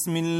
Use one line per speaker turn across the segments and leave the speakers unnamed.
بسم الله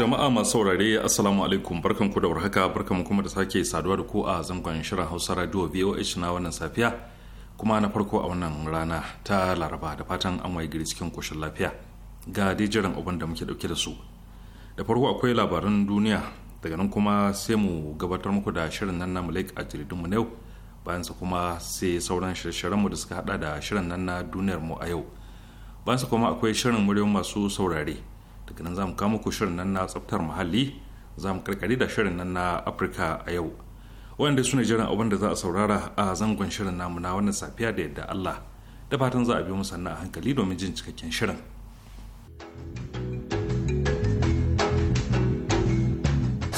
jama'a masu saurare assalamu alaikum barkan ku da warhaka barkan mu kuma da sake saduwa da ku a zangon shirin hausa radio voh na wannan safiya kuma na farko a wannan rana ta laraba da fatan an waye gari cikin koshin lafiya ga jiran abin da muke dauke da su da farko akwai labaran duniya daga nan kuma sai mu gabatar muku da shirin nan na malik a mu na yau bayan sa kuma sai sauran shirye-shiryenmu da suka hada da shirin nan na duniyar mu a yau bayan sa kuma akwai shirin muryoyin masu saurare daga nan za mu kawo muku shirin nan na tsaftar muhalli za mu karkari da shirin nan na afirka a yau wanda su ne jiran abin da za a saurara a zangon shirin namu na wannan safiya da yadda allah da fatan za a biyo mu sannan a hankali domin jin cikakken shirin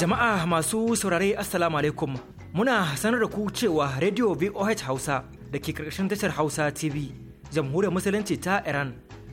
jama'a masu saurare assalamu alaikum muna sanar da ku cewa radio voh hausa da ke karkashin tashar hausa tv jamhuriyar musulunci ta iran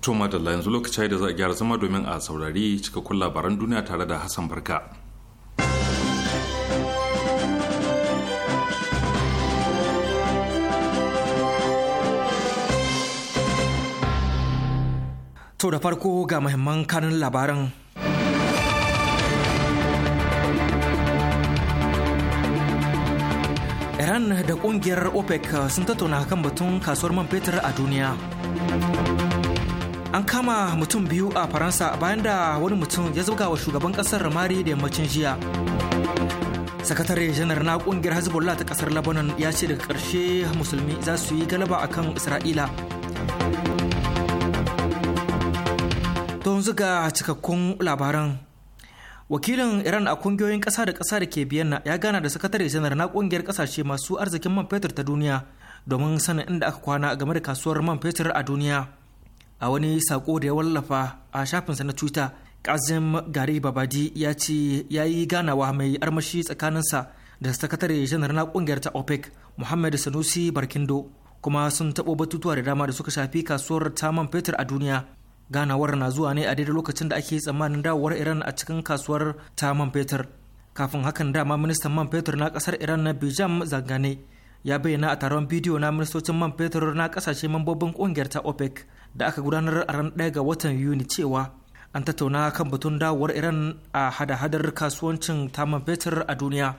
Toma da yanzu lokaci da za a gyara zama domin a saurari cikakkun labaran duniya tare da Hassan Barka.
To da farko ga muhimman kanin labaran. Iran da kungiyar OPEC sun tattauna kan batun kasuwar man fetur a duniya. an kama mutum biyu a faransa bayan da wani mutum ya zuga wa shugaban kasar mari da yammacin jiya sakatare janar na kungiyar hezbollah ta kasar lebanon ya ce daga karshe musulmi za su yi galaba akan isra'ila don zuga cikakkun labaran wakilin iran a kungiyoyin kasa da kasa da ke biyanna ya gana da sakatare janar na kungiyar kasashe masu arzikin man fetur ta duniya domin sanin inda aka kwana game da kasuwar man fetur a duniya a wani sako da ya wallafa a shafinsa na twitter kazim gari babadi ya ce ya yi ganawa mai armashi tsakaninsa da sakatare janar na kungiyar ta opec muhammad sanusi barkindo kuma sun taɓo batutuwa da dama da suka shafi kasuwar taman fetur a duniya ganawar na zuwa ne a daidai lokacin da ake tsammanin dawowar iran a cikin kasuwar taman fetur kafin hakan dama ministan man fetur na kasar iran na bijam zangane ya bayyana a taron bidiyo na ministocin man fetur na kasashe mambobin kungiyar ta opec da aka gudanar a ran 1 ga watan yuni cewa an tattauna kan batun dawowar iran a hada-hadar kasuwancin taman fetur a duniya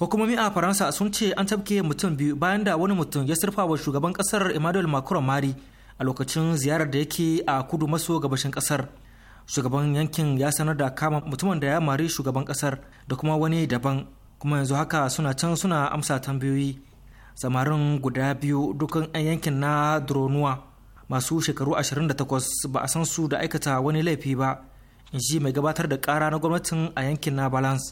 hukumomi a faransa sun ce an tabke mutum biyu bayan da wani mutum ya surfa wa shugaban kasar emmanuel macron mari a lokacin ziyarar da yake a kudu maso gabashin kasar shugaban yankin ya sanar da kama mutumin da ya mari shugaban kasar da kuma wani daban kuma yanzu haka suna can suna amsa tambayoyi samarin guda biyu dukan 'yan yankin na dronuwa masu shekaru 28 ba a san su da aikata wani laifi ba in ji mai gabatar da kara na gwamnatin a yankin na balance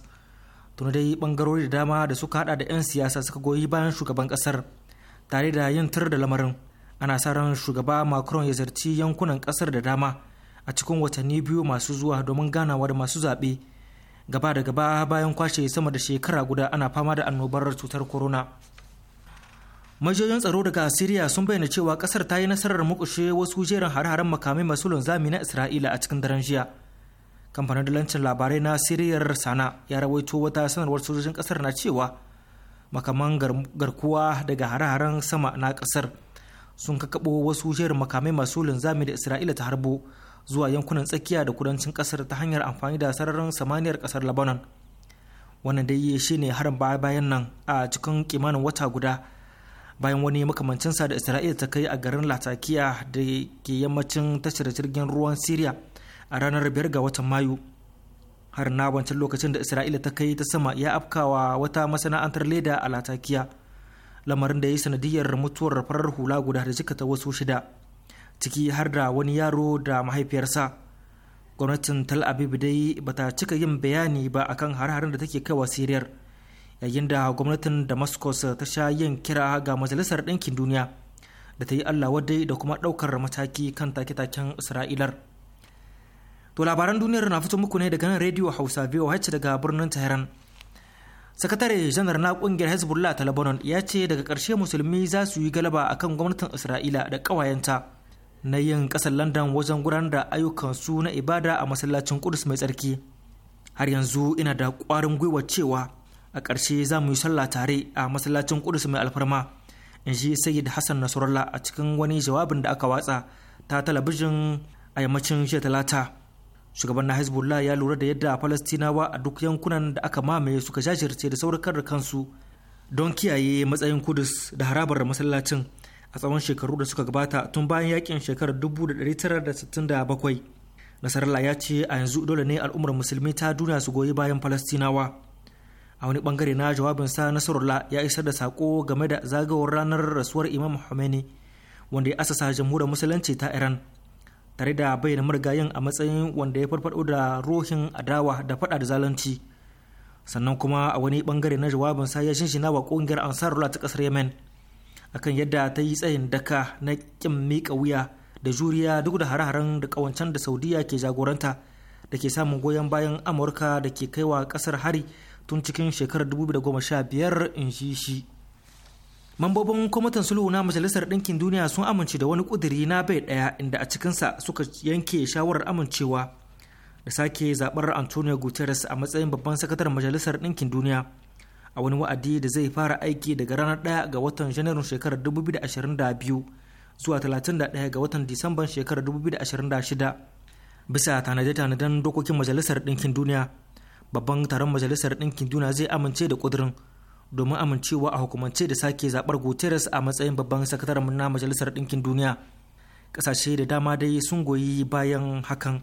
tuni dai bangarori da dama da suka hada da 'yan siyasa suka goyi bayan shugaban kasar tare da yin tur da lamarin ana sa ran shugaba macron ya zarci yankunan kasar da dama a cikin watanni biyu masu zuwa domin ganawa da masu zaɓe gaba da gaba bayan kwashe sama da shekara guda ana fama da annobar cutar corona. majiyoyin tsaro daga siriya sun bayyana cewa kasar ta yi nasarar mukushe wasu jerin hare-haren makamai masu linzami na isra'ila a cikin daren jiya kamfanin dalancin labarai na siriyar sana ya rawaito wata sanarwar sojojin kasar na cewa makaman garkuwa daga hare-haren sama na kasar sun kakabo wasu jerin makamai masu linzami da isra'ila ta harbo zuwa yankunan tsakiya da kudancin kasar ta hanyar amfani da sararin samaniyar kasar lebanon wannan dai shi ne harin baya bayan nan a cikin kimanin wata guda bayan wani makamancinsa da isra'ila ta kai a garin latakiya da ke yammacin tashar jirgin ruwan syria a ranar biyar ga watan mayu har na wancan lokacin da isra'ila ta kai ta sama ya afkawa wata masana'antar leda a latakiya lamarin da ya yi sanadiyar mutuwar farar hula guda da jikata wasu shida ciki har da wani yaro da mahaifiyarsa gwamnatin tal aviv dai bata cika yin bayani ba akan har-harin da take kaiwa siriyar yayin da gwamnatin damascus ta sha yin kira ga majalisar ɗinkin duniya da ta yi allah wadai da kuma ɗaukar mataki kan take-taken isra'ilar to labaran duniyar na fito muku ne daga nan rediyo hausa voh daga birnin tehran sakatare janar na kungiyar hezbollah ta lebanon ya ce daga karshe musulmi za su yi galaba akan gwamnatin isra'ila da ƙawayenta na yin ƙasar london wajen gudanar da ayyukan su na ibada a masallacin kudus mai tsarki har yanzu ina da ƙwarin gwiwa cewa a ƙarshe za mu yi sallah tare a masallacin kudus mai alfarma in ji sayyid hassan nasrallah a cikin wani jawabin da aka watsa ta talabijin a yammacin jiya talata shugaban na hezbollah ya lura da yadda falastinawa a duk yankunan da aka mamaye suka jajirce da saurukar da kansu don kiyaye matsayin kudus da harabar masallacin a tsawon shekaru da suka gabata tun bayan yakin shekarar 1967 nasarallah ya ce a yanzu dole ne al'ummar musulmi ta duniya su goyi bayan falastinawa a wani bangare na jawabinsa nasarullah ya isar da sako game da zagawar ranar rasuwar imam khomeini wanda ya asasa jamhuriyar musulunci ta iran tare da bayyana marigayin a matsayin wanda ya farfado da ruhin adawa da fada da zalunci sannan kuma a wani bangare na jawabin sa ya shinshina wa kungiyar ansarullah ta kasar yemen akan yadda ta yi tsayin daka na kin miƙa wuya da juriya duk da hare-haren da kawancen da saudiya ke jagoranta da ke samun goyon bayan amurka da ke kaiwa kasar hari tun cikin shekarar 2015 in shi shi mambobin kwamitin sulhu na majalisar ɗinkin duniya sun amince da wani ƙuduri na bai ɗaya inda a cikinsa suka yanke shawarar amincewa da sake zaɓar antonio guterres a matsayin babban sakataren majalisar ɗinkin duniya a wani wa'adi da zai fara aiki daga ranar 1 ga watan janairun shekarar 2022 zuwa 31 ga watan disamban shekarar 2026 bisa tanade-tanaden dokokin majalisar ɗinkin duniya babban taron majalisar ɗinkin duniya zai amince da ƙudurin domin amincewa a hukumance da sake zaɓar guterres a matsayin babban sakataren na majalisar ɗinkin duniya ƙasashe da dama dai sun goyi bayan hakan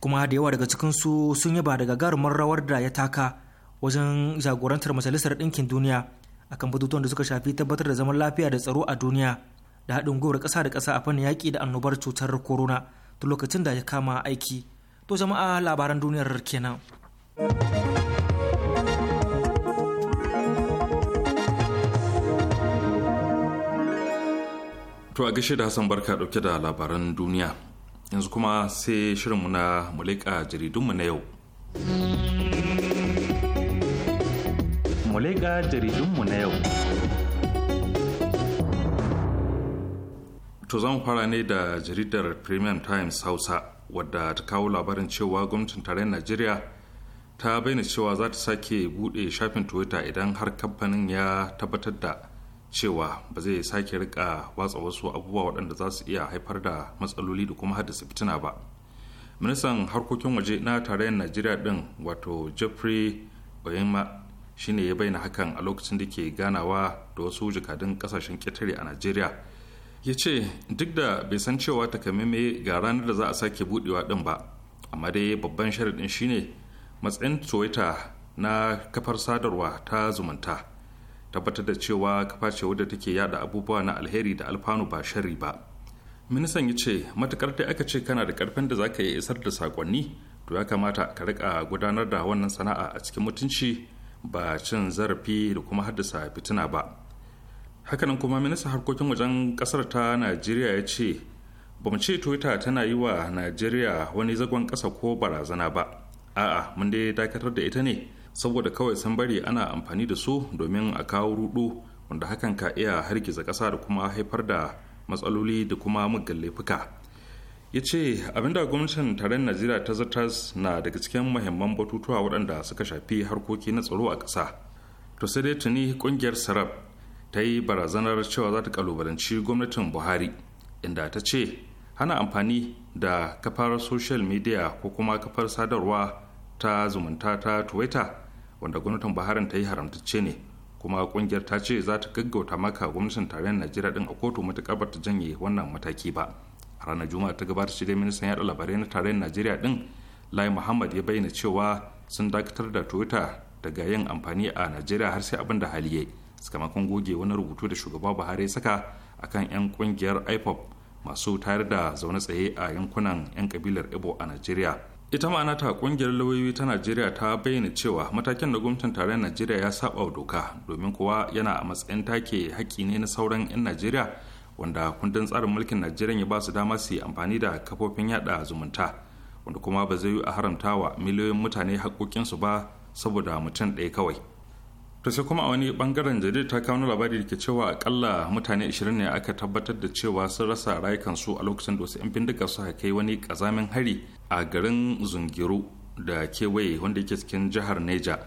kuma da yawa daga cikinsu sun ba daga gagarumar rawar da ya taka wajen jagorantar majalisar ɗinkin duniya akan batutuwan da suka shafi tabbatar da zaman lafiya da tsaro a duniya da haɗin gwiwar ƙasa da ƙasa a fannin yaƙi da annobar cutar corona ta lokacin da ya kama aiki to jama'a labaran duniyar kenan. To
a gashi da Hassan Barka ɗauke da labaran duniya. Yanzu kuma sai shirinmu na mulika jaridunmu na yau. Mulika jaridunmu na yau. To zan fara ne da jaridar Premium Times Hausa wadda ta kawo labarin cewa gwamnatin tarayyar Najeriya ta bayyana cewa za ta sake buɗe shafin twitter idan har kamfanin ya tabbatar da cewa ba zai sake rika watsa wasu abubuwa waɗanda za su iya haifar da matsaloli da kuma haddasa fitina ba ministan harkokin waje na tarayyar najeriya ɗin wato jeffrey oyema shine ya bayyana hakan a lokacin da ke ganawa da wasu jakadun kasashen ketare a najeriya ya ce duk da bai san cewa takamaimai ga ranar da za a sake budewa ɗin ba amma dai babban sharaɗin shine matsayin twitter na kafar sadarwa ta zumunta tabbatar da cewa kafa ce wadda take yada abubuwa na alheri da alfanu ba shari ba ministan ya ce matukar da aka ce kana da karfin da za ka iya isar da sakonni to ya kamata ka rika gudanar da wannan sana'a a cikin mutunci ba cin zarafi da kuma haddasa fitina ba hakanan kuma ministan harkokin wajen kasar ta najeriya ya ce ba mu ce twitter tana yi wa najeriya wani zagon kasa ko barazana ba a'a mun dai dakatar da ita ne saboda kawai sun bari ana amfani da su domin a kawo rudu wanda hakan ka iya hargiza ƙasa da kuma haifar da matsaloli da kuma muggan laifuka ya ce abinda gwamnatin taron najeriya ta zartas na daga cikin mahimman batutuwa waɗanda suka shafi harkoki na tsaro a ƙasa to sai dai tuni ƙungiyar sarab ta yi barazanar cewa za ta kalubalanci gwamnatin buhari inda ta ce hana amfani da kafar social media ko kuma kafar sadarwa ta zumunta ta twitter wanda gwamnatin baharin ta yi haramtacce ne kuma kungiyar ta ce za ta gaggauta maka gwamnatin tarayyar najeriya din a kotu matuƙar ba ta janye wannan mataki ba a ranar juma'a ta gabata shi dai ministan yaɗa labarai na tarayyar najeriya din lai muhammad ya bayyana cewa sun dakatar da twitter daga yin amfani a najeriya har sai abin da hali ya sakamakon goge wani rubutu da shugaba buhari ya saka akan 'yan kungiyar ipop masu tayar da zaune tsaye a yankunan 'yan kabilar ibo a najeriya ita ma'ana ta kungiyar lauyoyi ta najeriya ta bayyana cewa matakin da gwamnatin tarayyar najeriya ya saba doka domin kuwa yana a matsayin take haƙƙi ne na sauran 'yan najeriya wanda kundin tsarin mulkin najeriya ya ba su dama su yi amfani da kafofin yada zumunta wanda kuma ba zai yi a haramta wa miliyoyin mutane haƙoƙinsu ba saboda mutum ɗaya kawai to sai kuma a wani bangaren jaridar ta kawo labari da ke cewa akalla mutane 20 ne aka tabbatar da cewa sun rasa rayukansu a lokacin da wasu 'yan bindiga suka kai wani kazamin hari a garin zungiru da kewaye wanda yake cikin jihar neja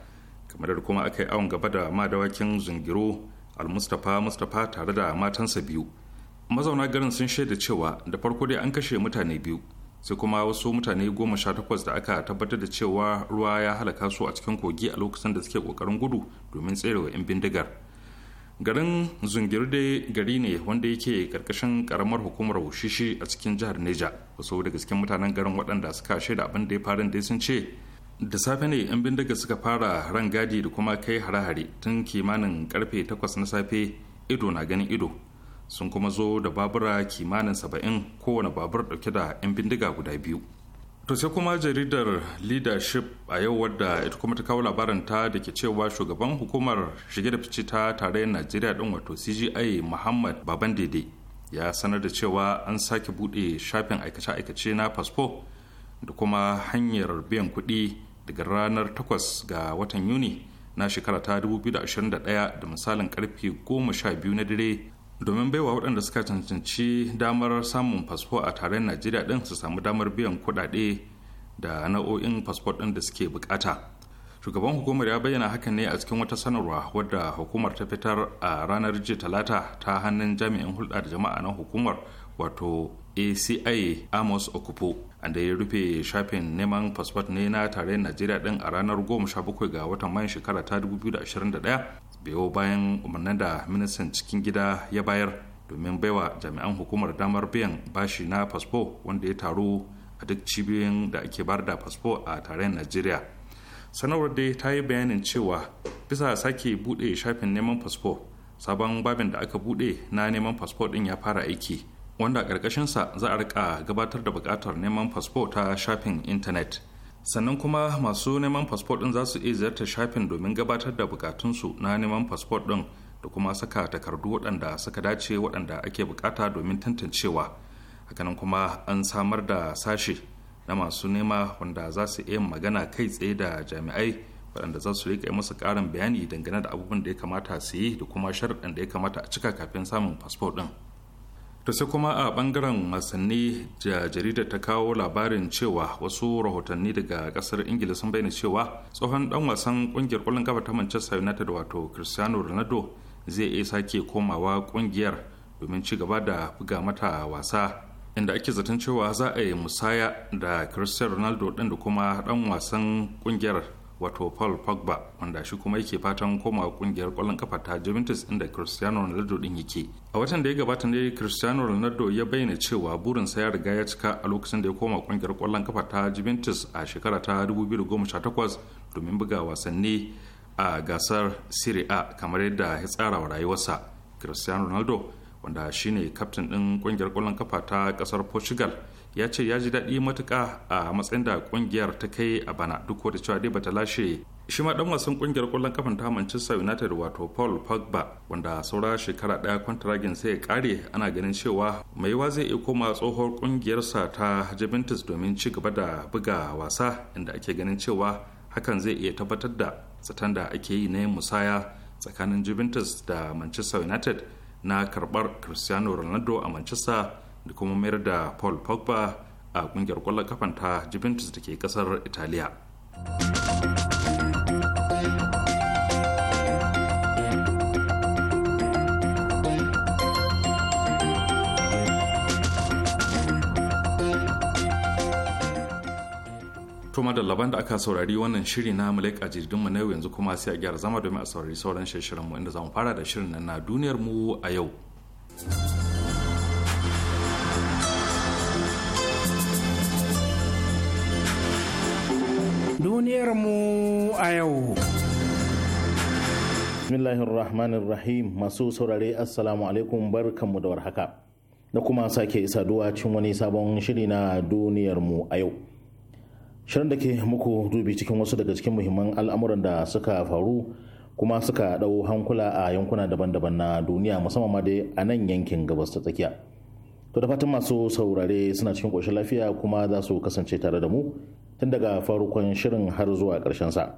kamar da kuma aka yi awon gaba da madawakin zungiru almustapha mustapha tare da matansa biyu mazauna garin sun shaida cewa da farko dai an kashe mutane biyu sai kuma wasu mutane goma sha takwas da aka tabbatar da cewa ruwa ya halaka su a cikin kogi a lokacin da suke kokarin gudu domin tserewa 'yan bindigar garin zungirde gari ne wanda yake karkashin karamar hukumar wushishi a cikin jihar neja wasu daga cikin mutanen garin waɗanda suka shaida abin da ya faru da sun ce da safe ne 'yan bindigar suka fara ran gadi da kuma kai hare-hare tun kimanin karfe takwas na safe ido na ganin ido sun kuma zo da babura kimanin saba'in kowane babur dauke da 'yan bindiga guda biyu to sai kuma jaridar leadership a yau wadda ita kuma ta kawo labarin ta da ke cewa shugaban hukumar shige da fice ta tarayyar najeriya din wato cgi muhammad baban daidai ya sanar da cewa an sake buɗe shafin aikace-aikace na fasfo da kuma hanyar biyan kuɗi daga ranar 8 ga watan yuni na shekara ta 2021 da misalin karfe 12 na dare domin baiwa waɗanda suka cancanci damar samun fasfo a tarayyar najeriya ɗin su samu damar biyan kuɗaɗe da nau'o'in fasfo ɗin da suke bukata shugaban hukumar ya bayyana hakan ne a cikin wata sanarwa wadda hukumar ta fitar a ranar jiya talata ta hannun jami'in hulɗa da jama'a na hukumar wato aci amos okupo da ya rufe shafin neman fasfo ne na tarayyar najeriya din a ranar goma sha bakwai ga watan mayan shekara ta 2021 biyo bayan umarnin da ministan cikin gida ya bayar domin baiwa jami'an hukumar damar biyan bashi na fasfo wanda ya taru a duk cibiyoyin da ake bayar da fasfo a tarayyar najeriya sanarwar dai ta yi bayanin cewa bisa sake bude shafin neman fasfo sabon babin da aka bude na neman fasfo din ya fara aiki wanda a ƙarƙashinsa za a rika gabatar da buƙatar neman fasfo ta shafin intanet sannan kuma masu neman fasfo ɗin za su iya ziyarta shafin domin gabatar da bukatunsu na neman fasfo ɗin da kuma saka takardu waɗanda suka dace waɗanda ake bukata domin tantancewa hakanan kuma an samar da sashe na masu nema wanda za su iya magana kai tsaye da jami'ai waɗanda za su riƙa musu ƙarin bayani dangane da abubuwan da ya kamata su yi da kuma sharaɗin da ya kamata a cika kafin samun fasfo ɗin. ta sai kuma a bangaren wasanni da jaridar ta kawo labarin cewa wasu rahotanni daga kasar ingila sun bayyana cewa tsohon dan wasan kungiyar kwallon kafa ta manchester united wato cristiano ronaldo zai iya sake komawa kungiyar domin ci gaba da buga mata wasa inda ake zaton cewa za a yi musaya da cristiano ronaldo din da kuma dan wasan kungiyar wato paul pogba wanda shi kuma yake fatan koma kungiyar kwallon kafa ta juventus inda cristiano ronaldo din yake a watan da ya gabata ne cristiano ronaldo ya bayyana cewa burin sa ya riga ya cika a lokacin da ya koma kungiyar kwallon kafa ta juventus a shekara ta 2018 domin buga wasanni a gasar serie a kamar yadda ya tsara wa rayuwarsa cristiano ronaldo wanda shine kaftin din kungiyar kwallon kafa ta kasar portugal ya ce ya ji daɗi matuka a matsayin da ƙungiyar ta kai a bana duk wata cewa dai bata lashe shi ma dan wasan kungiyar kwallon kafan ta Manchester United wato Paul Pogba wanda saura shekara daya kwantaragin sai ya kare ana ganin cewa mai wa zai iya koma tsohon ƙungiyarsa ta Juventus domin ci gaba da buga wasa inda ake ganin cewa hakan zai iya tabbatar da zaton da ake yi na musaya tsakanin Juventus da Manchester United na karɓar Cristiano Ronaldo a Manchester da kuma mayar da paul pogba a kungiyar kwallon kafan ta juventus da ke kasar italiya kuma da laban da aka saurari wannan shiri na mulek a jirgin mu na yau yanzu kuma sai a gyara zama domin a saurari sauran shirin mu inda zamu fara da shirin na duniyar mu a yau.
Duniyarmu a yau.
Bismillahirrahmanirrahim masu saurare Assalamu alaikum barkanmu da warhaka. Da kuma sake saduwa cin wani sabon shiri na duniyarmu a yau. Shirin da ke muku dubi cikin wasu daga cikin muhimman al'amuran da suka faru kuma suka ɗau hankula a yankuna daban-daban na duniya musamman ma dai a nan yankin gabas ta tsakiya. To da fatan masu saurare suna cikin ƙoshin lafiya kuma za su kasance tare da mu tun daga farkon shirin har zuwa ƙarshen sa.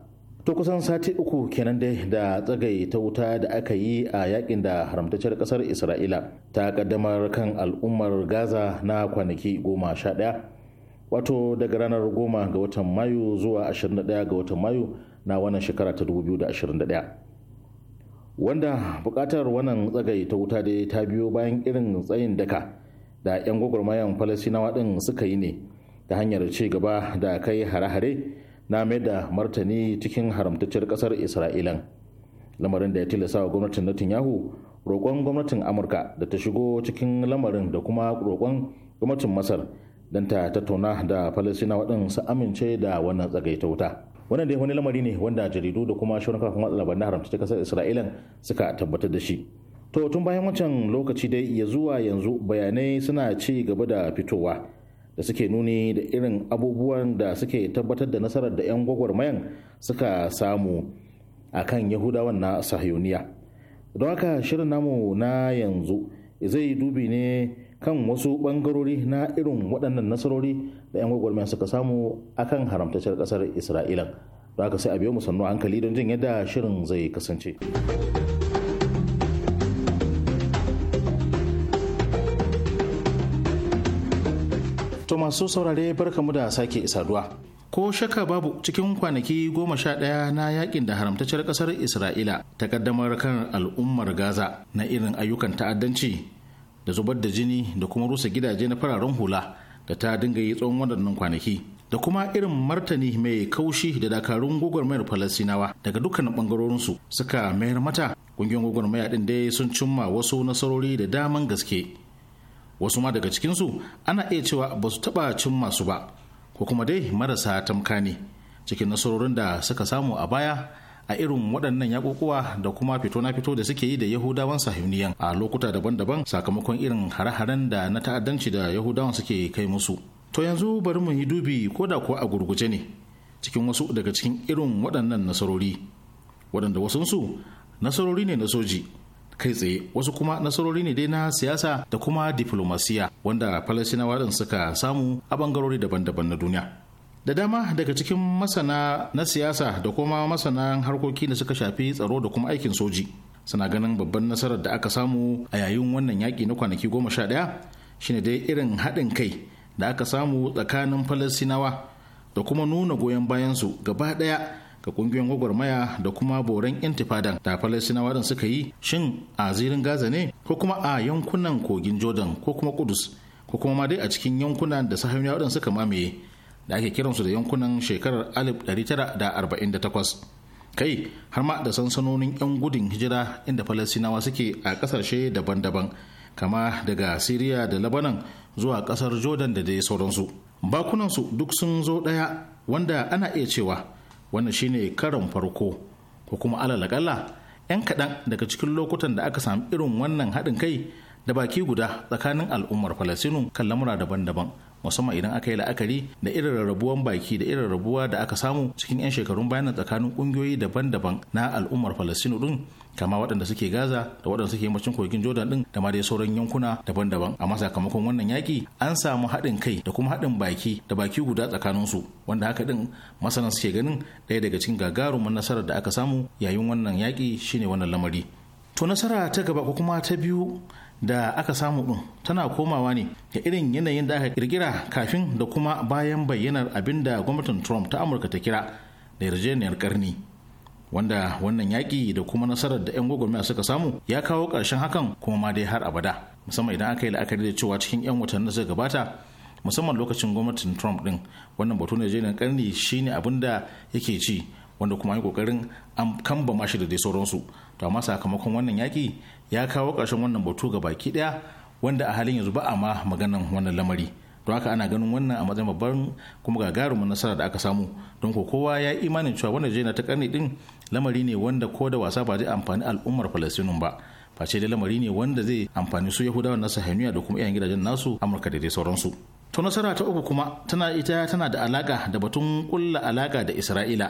To kusan sati uku kenan dai da tsagai ta wuta da aka yi a yakin da haramtacciyar ƙasar Isra'ila ta kaddamar kan al'ummar Gaza na kwanaki goma sha ɗaya. Wato daga ranar goma ga watan Mayu zuwa 21 ga watan Mayu na wannan shekara ta 2021. Wanda buƙatar wannan tsagai ta wuta dai ta biyo bayan irin tsayin daka da 'yan gwagwarmayan Falasinawa ɗin suka yi ne. ta hanyar ci gaba da kai hare-hare na mai da martani cikin haramtacciyar kasar isra'ilan lamarin da ya tilasta wa gwamnatin netanyahu roƙon gwamnatin amurka da ta shigo cikin lamarin da kuma roƙon gwamnatin masar don ta tattauna da falasina waɗansu amince da wannan tsagaita wuta wannan dai wani lamari ne wanda jaridu da kuma shirin kafin watsa labarai haramta ta kasar isra'ilan suka tabbatar da shi to tun bayan wancan lokaci dai ya zuwa yanzu bayanai suna ci gaba da fitowa da suke nuni da irin abubuwan da suke tabbatar da nasarar da 'yan gwagwarmayan suka samu a kan yahudawan na sahiyoniya don haka shirin namu na yanzu zai dubi ne kan wasu bangarori na irin waɗannan nasarori da 'yan gwagwarmayan suka samu a kan haramtacciyar ƙasar isra'ila don haka sai a biyo mu sannu hankali don jin yadda shirin zai kasance. to masu saurare barkamu da sake saduwa ko shaka babu cikin kwanaki goma sha ɗaya na yakin da haramtacciyar ƙasar isra'ila ta kaddamar kan al'ummar gaza na irin ayyukan ta'addanci da zubar da jini da kuma rusa gidaje na fararen hula da ta dinga yi tsawon waɗannan kwanaki da kuma irin martani mai kaushi da dakarun gwagwarmayar falasinawa daga dukkanin ɓangarorinsu suka mayar mata ƙungiyar gwagwarmaya ɗin dai sun cimma wasu nasarori da daman gaske wasu ma daga cikinsu ana iya cewa ba su taba cin masu ba ko kuma dai marasa tamka ne cikin nasarorin da suka samu a baya a irin waɗannan yakukuwa da kuma fito na fito da suke yi da yahudawan sahuniyan a lokuta daban-daban sakamakon irin hare-haren da na ta'addanci da yahudawan suke kai musu to yanzu bari mu yi dubi ko da kuwa a gurguje ne cikin wasu daga cikin irin waɗannan nasarori waɗanda wasunsu nasarori ne na soji kai tsaye wasu kuma nasarori ne dai na siyasa da kuma diplomasiya wanda falasinawa din suka samu a bangarori daban-daban na duniya da dama daga cikin masana na siyasa da kuma masana harkoki da suka shafi tsaro da kuma aikin soji suna ganin babban nasarar da aka samu a yayin wannan yaƙi na kwanaki goma sha ɗaya shine dai irin haɗin kai da aka samu tsakanin falasinawa da kuma nuna goyon bayansu gaba ɗaya ga kungiyoyin gwagwarmaya da kuma boran intifadan da falasinawa din suka yi shin a zirin gaza ne ko kuma a yankunan kogin jordan ko kuma kudus ko kuma ma dai a cikin yankunan da sahamiyawa din suka mamaye da ake kiransu da yankunan shekarar 1948 kai har ma da sansanonin 'yan gudun hijira inda falasinawa suke a kasashe daban-daban kama daga siriya da labanan zuwa kasar jordan da dai sauransu bakunansu duk sun zo ɗaya wanda ana iya cewa wannan shine karon farko ko kuma alalakalla 'yan kaɗan daga cikin lokutan da aka samu irin wannan haɗin kai da baki guda tsakanin al'ummar falasinu kan lamura daban-daban musamman idan aka yi la'akari da irin rarrabuwan baki da irin rabuwa da aka samu cikin 'yan shekarun bayanan tsakanin ƙungiyoyi daban-daban na al'ummar falasinu ɗin kama waɗanda suke gaza da waɗanda suke yammacin kogin jordan ɗin da ma dai sauran yankuna daban-daban amma sakamakon wannan yaki an samu haɗin kai da kuma haɗin baki da baki guda tsakanin su wanda haka ɗin masana suke ganin ɗaya daga cikin gagarumin nasarar da aka samu yayin wannan yaki shine wannan lamari to nasara ta gaba ko kuma ta biyu da aka samu ɗin tana komawa ne ga irin yanayin da aka kirkira kafin da kuma bayan bayyanar abin da gwamnatin trump ta amurka ta kira da yarjejeniyar karni wanda wannan yaƙi da kuma nasarar da 'yan gwagwarmaya suka samu ya kawo ƙarshen hakan kuma ma dai har abada musamman idan aka yi la'akari da cewa cikin 'yan watanni da suka gabata musamman lokacin gwamnatin trump din wannan batu na jirgin karni shine abin da yake ci wanda kuma yi kokarin an kamba mashi da dai sauransu to amma sakamakon wannan yaƙi ya kawo ƙarshen wannan batu ga baki daya wanda a halin yanzu ba a ma maganan wannan lamari don haka ana ganin wannan a matsayin babban kuma gagarumin nasara da aka samu don ko kowa ya imanin cewa wannan jena ta karni din lamari ne wanda ko da wasa ba zai amfani al'ummar falastinun ba face da lamari ne wanda zai amfani su Yahudawa na sahaniya da kuma iyayen gidajen nasu amurka da dai sauransu to nasara ta uku kuma tana ita tana da alaka da batun kulla alaka da isra'ila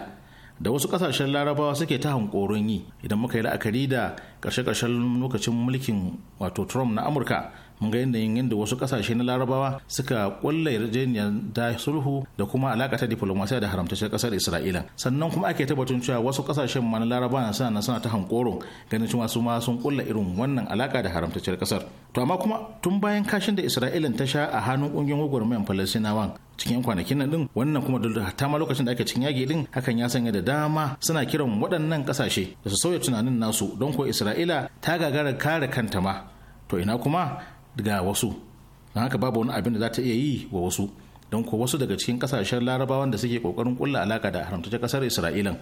da wasu kasashen larabawa suke ta hankoron yi idan muka yi la'akari da karshe-karshen lokacin mulkin wato trump na amurka mun ga yanayin yadda wasu kasashe na larabawa suka kulla yarjejeniyar da sulhu da kuma alaka ta diplomasiya da haramtacciyar kasar isra'ila sannan kuma ake tabbatun cewa wasu kasashen ma na larabawa suna suna ta hankoron ganin cewa su ma sun kulla irin wannan alaka da haramtacciyar kasar to amma kuma tun bayan kashin da isra'ila ta sha a hannun kungiyoyin gwagwarmayan falastinawan cikin kwanakin nan din wannan kuma duk ta ma lokacin da ake cikin yaki din hakan ya sanya da dama suna kiran waɗannan ƙasashe da su sauya tunanin nasu don ko Isra'ila ta gagara kare kanta ma to ina kuma Ga wasu don haka babu wani abin da za ta iya yi wa wasu don ko wasu daga cikin kasashen larabawan da suke kokarin kulla alaka da haramtaccen kasar isra'ilan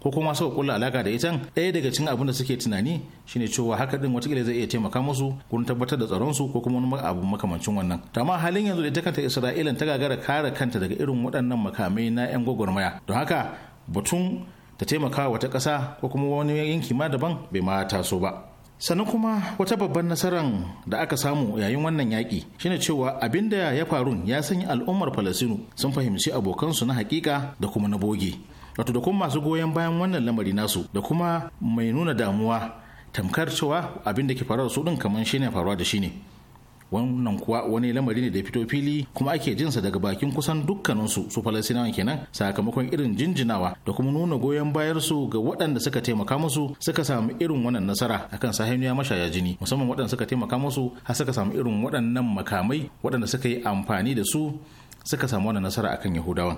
ko kuma suka kulla alaka da ita ɗaya daga cikin abin da suke tunani shine cewa haka din watakila zai iya taimaka musu gurin tabbatar da tsaron su ko kuma wani abu makamancin wannan to amma halin yanzu da ita kanta isra'ilan ta gagara kare kanta daga irin waɗannan makamai na yan gwagwarmaya don haka batun ta taimaka wata ƙasa ko kuma wani yanki ma daban bai ma taso ba sannan kuma wata babban nasarar da aka samu yayin wannan yaƙi shine cewa abin da ya faru ya sanya al'ummar falasinu sun fahimci abokansu na hakika da kuma na boge wato da kuma masu goyon bayan wannan lamari nasu da kuma mai nuna damuwa tamkar cewa abin da ke faruwa su ɗin kamar shine faruwa da shine wannan kuwa wani lamari ne da fito fili kuma ake jinsa daga bakin kusan dukkaninsu su falasinawan kenan sakamakon irin jinjinawa da kuma nuna goyon bayarsu ga waɗanda suka taimaka musu suka samu irin wannan nasara akan sahiniya mashaya jini musamman waɗanda suka taimaka musu har suka samu irin waɗannan makamai waɗanda suka yi amfani da su suka samu wannan nasara akan yahudawan.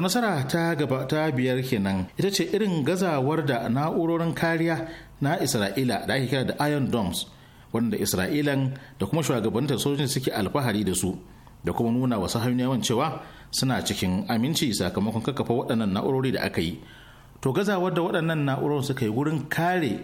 To nasara ta gaba ta biyar kenan ita ce irin gazawar da na'urorin kariya na Isra'ila da ake kira da Iron Domes wanda Isra'ilan da kuma shugabantar sojin suke alfahari da su da kuma nuna wasu hanyoyin cewa suna cikin aminci sakamakon kakkafa waɗannan na'urori da aka yi. To gazawar da waɗannan na'urorin suka yi wurin kare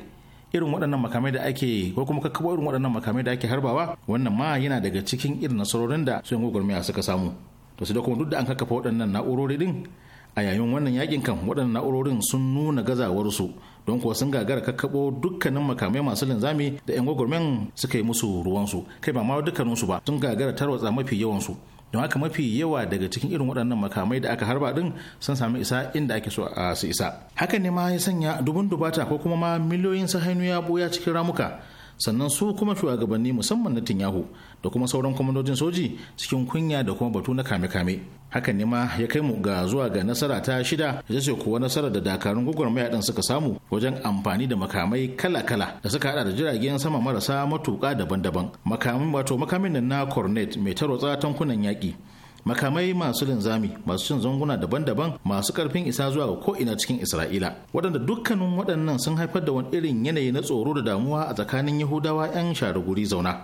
irin waɗannan makamai da ake ko kuma kakkafa irin waɗannan makamai da ake harbawa wannan ma yana daga cikin irin nasarorin da sun gwagwarmaya suka samu. to sai da kuma duk da an kakkafa waɗannan na'urori din a yayin wannan yakin kan waɗannan na'urorin sun nuna gazawarsu don kuwa sun gagara kakkabo dukkanin makamai masu linzami da 'yan gwagwarmen suka yi musu ruwansu kai ba ma dukkaninsu ba sun gagara tarwatsa mafi yawansu don haka mafi yawa daga cikin irin waɗannan makamai da aka harba din sun sami isa inda ake so a ah, su isa haka ne ma ya sanya dubun dubata ko kuma ma miliyoyin sahanu ya boya cikin ramuka sannan su kuma shugabanni musamman na tinyahu da kuma sauran kwamandojin soji cikin kunya da kuma batu na kame-kame hakan ne ma ya kai mu ga zuwa ga nasara ta shida da ce kuwa nasara da dakarun gwagwarmaya din suka samu wajen amfani da makamai kala-kala da suka haɗa da jiragen sama marasa matuƙa daban-daban makamin wato makamin na cornet mai tarotsa tankunan yaƙi makamai masu linzami masu cin zanguna daban-daban masu karfin isa zuwa ga ko'ina cikin isra'ila waɗanda dukkanin waɗannan sun haifar da wani irin yanayi na tsoro da damuwa a tsakanin yahudawa 'yan shari'uri zauna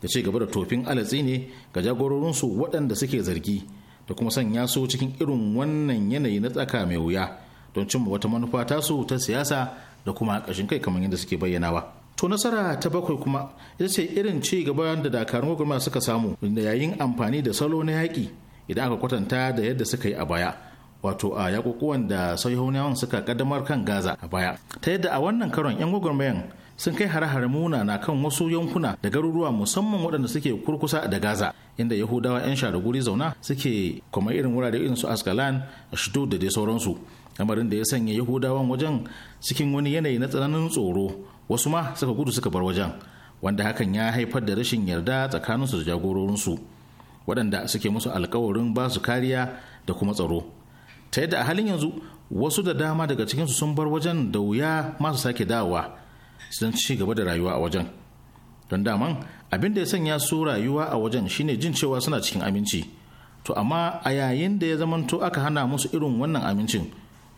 da ci gaba da tofin alatsi ne ga jagororinsu waɗanda suke zargi da kuma sanya su cikin irin wannan yanayi na tsaka mai wuya don cimma wata manufa tasu ta siyasa da kuma ƙashin kai kamar yadda suke bayyanawa. to nasara ta bakwai kuma ita ce irin ci gaba da dakarun gwagwarmaya suka samu da yayin amfani da salo na yaƙi idan aka kwatanta da yadda suka yi a baya wato a yakukuwan da sauyahunawan suka ƙaddamar kan gaza a baya ta yadda a wannan karon yan gwagwarmayan sun kai hare-hare na kan wasu yankuna da garuruwa musamman waɗanda suke kurkusa da gaza inda yahudawa 'yan shara guri zauna suke kuma irin wurare irin su askalan ashitu da dai sauransu lamarin da ya sanya yahudawan wajen cikin wani yanayi na tsananin tsoro wasu ma suka gudu suka bar wajen wanda hakan ya haifar da rashin yarda tsakaninsu da jagororinsu waɗanda suke musu alkawarin ba su kariya da kuma tsaro ta yadda a halin yanzu wasu da dama daga cikinsu sun bar wajen da wuya masu sake dawowa don ci gaba da rayuwa a wajen don daman abin da ya sanya su rayuwa a wajen shine jin cewa suna cikin aminci to amma a yayin da ya zamanto aka hana musu irin wannan amincin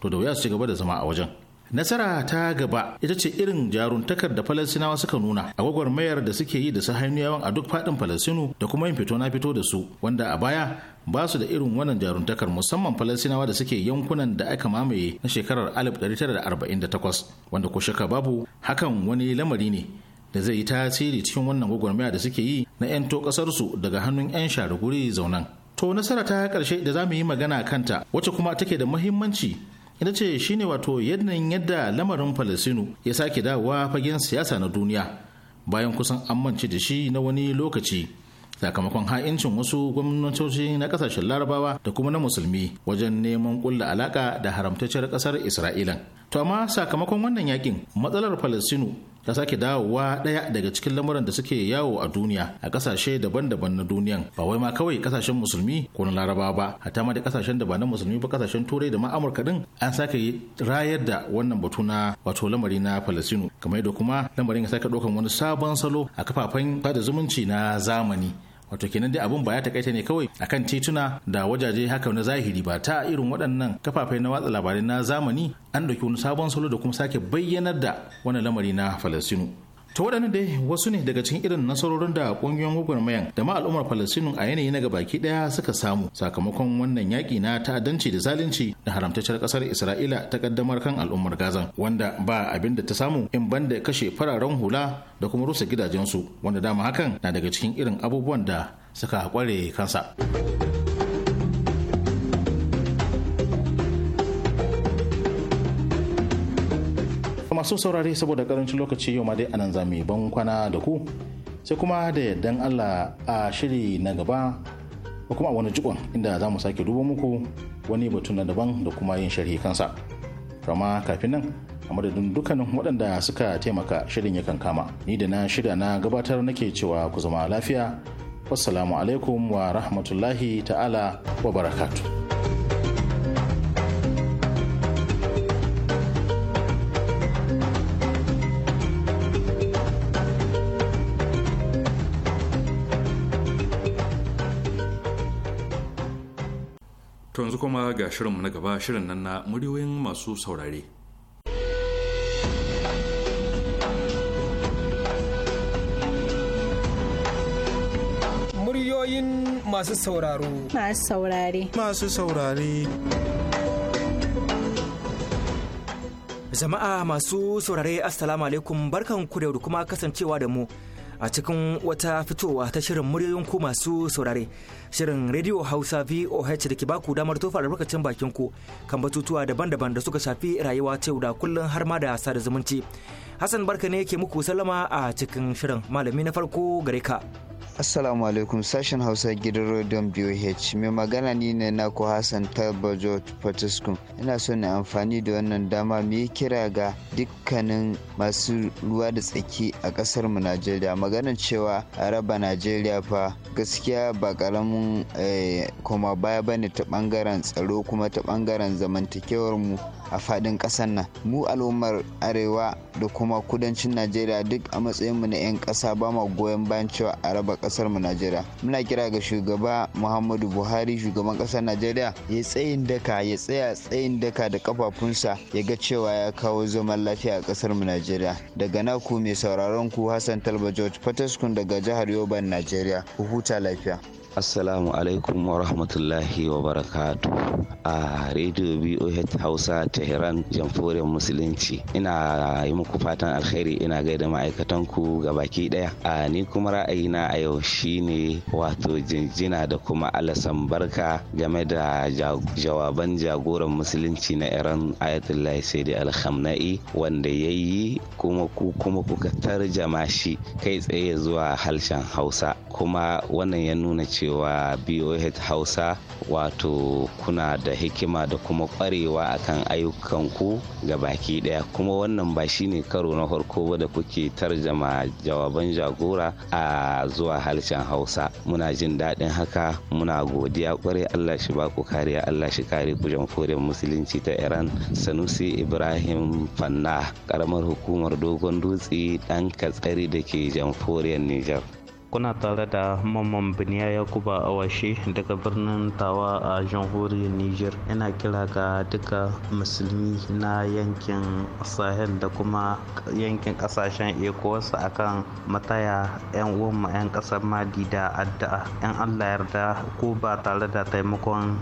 to da wuya su ci gaba da zama a wajen Nasara ta gaba ita ce irin jaruntakar da Falasinawa suka nuna a gwagwarmayar da suke yi da su sahaniyawan a duk faɗin Falasinu da kuma yin fito na fito da su wanda a baya ba su da irin wannan jaruntakar musamman Falasinawa da suke yankunan da aka mamaye na shekarar 1948 wanda ko shaka babu hakan wani lamari ne da zai yi tasiri cikin wannan gwagwarmaya da suke yi na 'yan to kasarsu daga hannun 'yan share guri zaunan. To nasara ta karshe da za mu yi magana kanta wacce kuma take da muhimmanci ita ce shine wato yadda yadda lamarin falasinu ya sake dawowa fagen siyasa na duniya bayan kusan amince da shi na wani lokaci sakamakon ha'incin wasu gwamnatoci na kasashen larabawa da kuma na musulmi wajen neman kulla alaka da haramtacciyar kasar Isra'ila to amma sakamakon wannan yakin matsalar falasinu ta sake dawowa ɗaya daga cikin lamuran da suke yawo a duniya a kasashe daban-daban na duniyan ba wai ma kawai ƙasashen musulmi ko na laraba ba hatta ma da ƙasashen da ba na musulmi ba ƙasashen turai da ma amurka din an sake rayar da wannan batu na wato lamari na palestino kamar yadda kuma lamarin ya sake ɗaukan wani sabon salo a kafafen sada zumunci na zamani wato kenan dai abun baya ya takaita ne kawai akan tituna da wajaje haka na zahiri ba ta irin waɗannan kafafai na watsa labarai na zamani an ɗauki wani sabon salo da kuma sake bayyanar da wani lamari na falasinu Ta waɗannan dai wasu ne daga cikin irin nasarorin da ƙungiyoyin gwagwarmayan da ma al'ummar falastinu a yanayi na gabaki ɗaya suka samu sakamakon wannan yaƙi na ta'addanci da zalunci da haramtacciyar ƙasar isra'ila ta ƙaddamar kan al'ummar gazan wanda ba abin da ta samu in ban da kashe fararen hula da kuma rusa gidajensu wanda dama hakan na daga cikin irin abubuwan da suka kware kansa. masu saurare saboda karancin lokaci yau ma dai anan za mu ban kwana da ku sai kuma da yardan allah a shiri na gaba ko kuma wani jikon inda za mu sake dubo muku wani batun na daban da kuma yin sharhi kansa kama kafin nan a madadin dukkanin waɗanda suka taimaka shirin yakan kama ni da na shida na gabatar nake cewa ku zama lafiya wassalamu alaikum wa rahmatullahi ta'ala wa barakatu.
ga shirinmu na gaba shirin nan na muryoyin masu saurare.
Muryoyin masu sauraro.
Masu saurare.
Masu
saurare.
Jama'a masu saurare Assalamu alaikum barkan ku da kuma kasancewa da mu. a cikin wata fitowa ta shirin muryoyin ku masu saurare shirin rediyo hausa voh da ke baku damar tofa albarkacin bakin ku kan batutuwa daban-daban da suka shafi rayuwa ta yau da kullum har ma da sada zumunci hassan barka ne ke muku salama a cikin shirin malami na farko gare ka.
Assalamu alaikum sashen Hausa gidan Rodon BOH mai magana ni ne na ku Hassan Talbajo Fatiskun. Ina so na amfani da wannan dama mu yi kira ga dukkanin masu ruwa da tsaki a kasarmu mu Najeriya. Maganar cewa a raba Najeriya fa gaskiya ba karamin eh, koma baya bane ta bangaren tsaro kuma ta bangaren zamantakewar mu a faɗin kasar nan. Mu al'ummar arewa da kuma kudancin Najeriya duk a matsayin mu na 'yan ƙasa ba ma goyon bayan cewa a raba kasar mu najeriya muna kira ga shugaba muhammadu buhari shugaban kasar najeriya ya tsayin daka ya tsaya tsayin daka da kafafunsa ya ga cewa ya kawo zaman lafiya a kasar mu najeriya daga naku mai sauraron ku hassan talba george fataskun daga jihar yoban najeriya ku huta lafiya
Assalamu alaikum wa rahmatullahi wa barakatu. A Radio BOH Hausa Tehran Jamhuriyar Musulunci. Ina yi muku fatan alkhairi ina gaida ma'aikatanku ga baki daya. A ni kuma ra'ayina a yau shine wato jinjina da kuma alasan barka game da jawaban jagoran musulunci na Iran Ayatollah Sayyid Al-Khamenei wanda ya yi kuma ku kuma kuka tarjama shi kai tsaye zuwa harshen Hausa. Kuma wannan ya nuna cewa cewa BOH Hausa wato kuna da hikima da kuma kwarewa akan ayyukanku ga baki daya kuma wannan ba shine karo na farko ba da kuke tarjama jawaban jagora a zuwa harshen Hausa muna jin daɗin haka muna godiya kware Allah shi ba ku kariya Allah shi kare ku jamhuriyar musulunci ta Iran Sanusi Ibrahim Fanna karamar hukumar dogon dutse dan katsari da ke jamhuriyar Nijar.
kuna tare da mamman biniya yakuba washe daga birnin tawa a jamhuriyar niger yana kira ga duka musulmi na yankin sahel da kuma yankin kasashen ecowas akan mataya 'yan uwanmu 'yan kasar madi da addu'a 'yan allah yarda ko ba tare da taimakon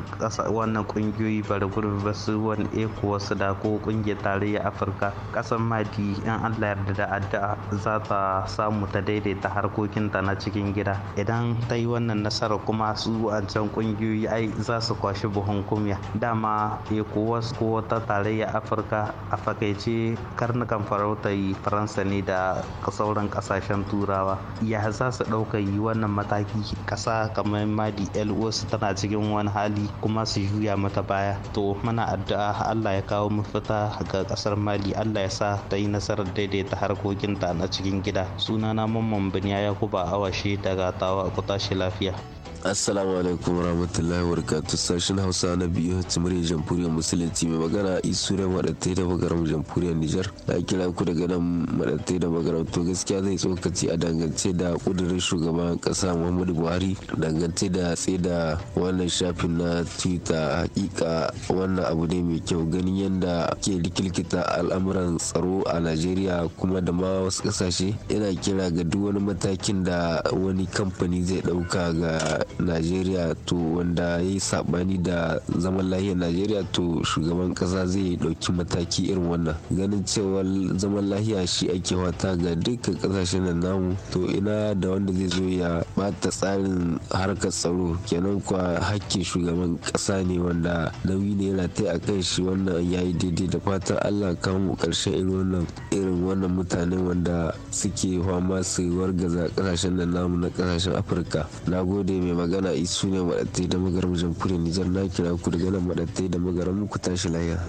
wannan kungiyoyi da gurbi ba su wani ecowas da ko kungiyar tarayyar afirka kasar Madi, 'yan allah yarda da addu'a za ta samu ta daidaita harkokinta na cikin gida idan ta yi wannan nasara kuma su a can kungiyoyi ai za su kwashi buhun kumya dama ya ko wata tarayya afirka a fakaice karnukan farautar faransa ne da sauran kasashen turawa ya za su ɗauka yi wannan mataki ƙasa kamar madi los tana cikin wani hali kuma su juya mata baya to mana addu'a allah ya kawo mafita ga ƙasar mali allah ya sa ta yi nasarar daidaita harkokinta na cikin gida sunana mamman biniya yakuba awa shi daga tawa ku tashi lafiya
assalamu alaikum warahmatullahi wabarakatuh sashen hausa na biyu murya jamhuriyar musulunci mai magana isu da madattai da bagaram jamhuriyar nijar na kira ku daga nan da bagaram to gaskiya zai tsokaci a dangance da kudurin shugaban kasa muhammadu buhari dangance da da wannan shafin na twitter hakika wannan abu ne mai kyau ganin yadda ke likilkita al'amuran tsaro a najeriya kuma da ma wasu kasashe yana kira ga duk wani matakin da wani kamfani zai dauka ga najeriya to wanda ya yi sabani da zaman lahiyar najeriya to shugaban ƙasa zai ɗauki mataki irin wannan ganin cewa zaman lahiya shi ake wata ga dukkan kasashen nan namu to ina da wanda zai zo ya bata tsarin harkar tsaro kenan kuwa hakkin shugaban kasa ne wanda nauyi ne yana ta a kan shi wannan ya yi daidai da fatan allah kamu karshen irin wannan irin wannan mutane wanda suke fama su wargaza kasashen nan namu na kasashen afirka na gode mai magana isu ne maɗattai da magaram jamfuri Nijar na kira ku daga nan maɗattai da magaram ku tashi lahiya.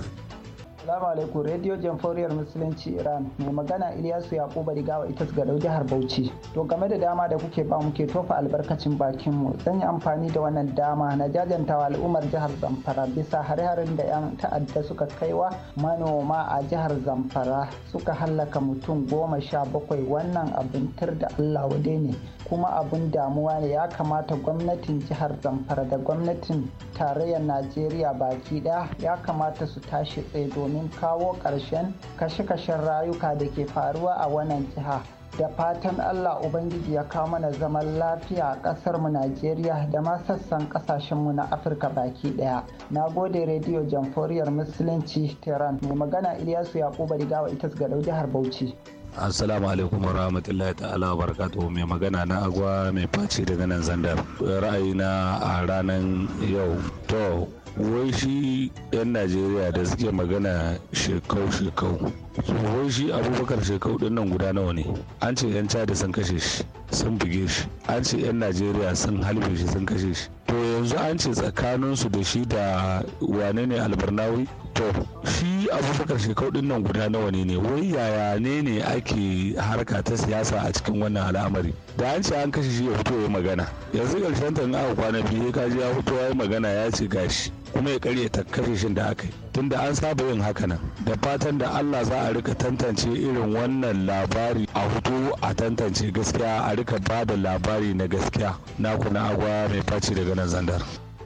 Assalamu alaikum Radio Jamhuriyar Musulunci Iran mai magana Ilyasu Yakuba Rigawa ita ga Gadau jihar Bauchi. To game da dama da kuke ba muke tofa albarkacin bakin mu zan yi amfani da wannan dama na jajantawa al'ummar jihar Zamfara bisa hare-haren da 'yan ta'adda suka kaiwa manoma a jihar Zamfara suka hallaka mutum goma sha bakwai wannan abin tar da Allah wade ne kuma abin damuwa ne ya kamata gwamnatin jihar Zamfara da gwamnatin tarayyar Najeriya baki ɗaya ya kamata su tashi tsaye domin domin kawo ƙarshen kashe-kashen rayuka da ke faruwa a wannan jiha da fatan allah ubangiji ya kawo mana zaman lafiya a ƙasarmu najeriya da ma sassan ƙasashenmu na afirka baki ɗaya na gode rediyo jamforiyar musulunci tehran mai magana ilyasu yakuba wa itas ga jihar bauchi
assalamu alaikum warahmatullahi ta'ala wa barakatuhu mai magana na agwa mai faci daga nan zandar ra'ayina a ranar yau to wai shi 'yan najeriya da suke magana shekau-shekau Su wai shi abubakar shekau din nan guda nawa ne an ce 'yan chad sun kashe shi sun buge shi an ce 'yan najeriya sun halbe shi sun kashe shi to yanzu an ce tsakaninsu da shi da wane ne albarnawi to shi abubakar shekau din nan guda nawa ne ne wai yaya ne ne ake harka ta siyasa a cikin wannan al'amari da an ce an kashe shi ya fito ya magana yanzu ƙarshen ta aka kwana biyu ya kaji ya fito ya magana ya ce gashi kuma ya karyata kafishin da aka yi tun da an saba yin haka nan da fatan da allah za a rika tantance irin wannan labari a hutu a tantance gaskiya a rika ba da labari na gaskiya na kuna agwa mai faci daga nan zandar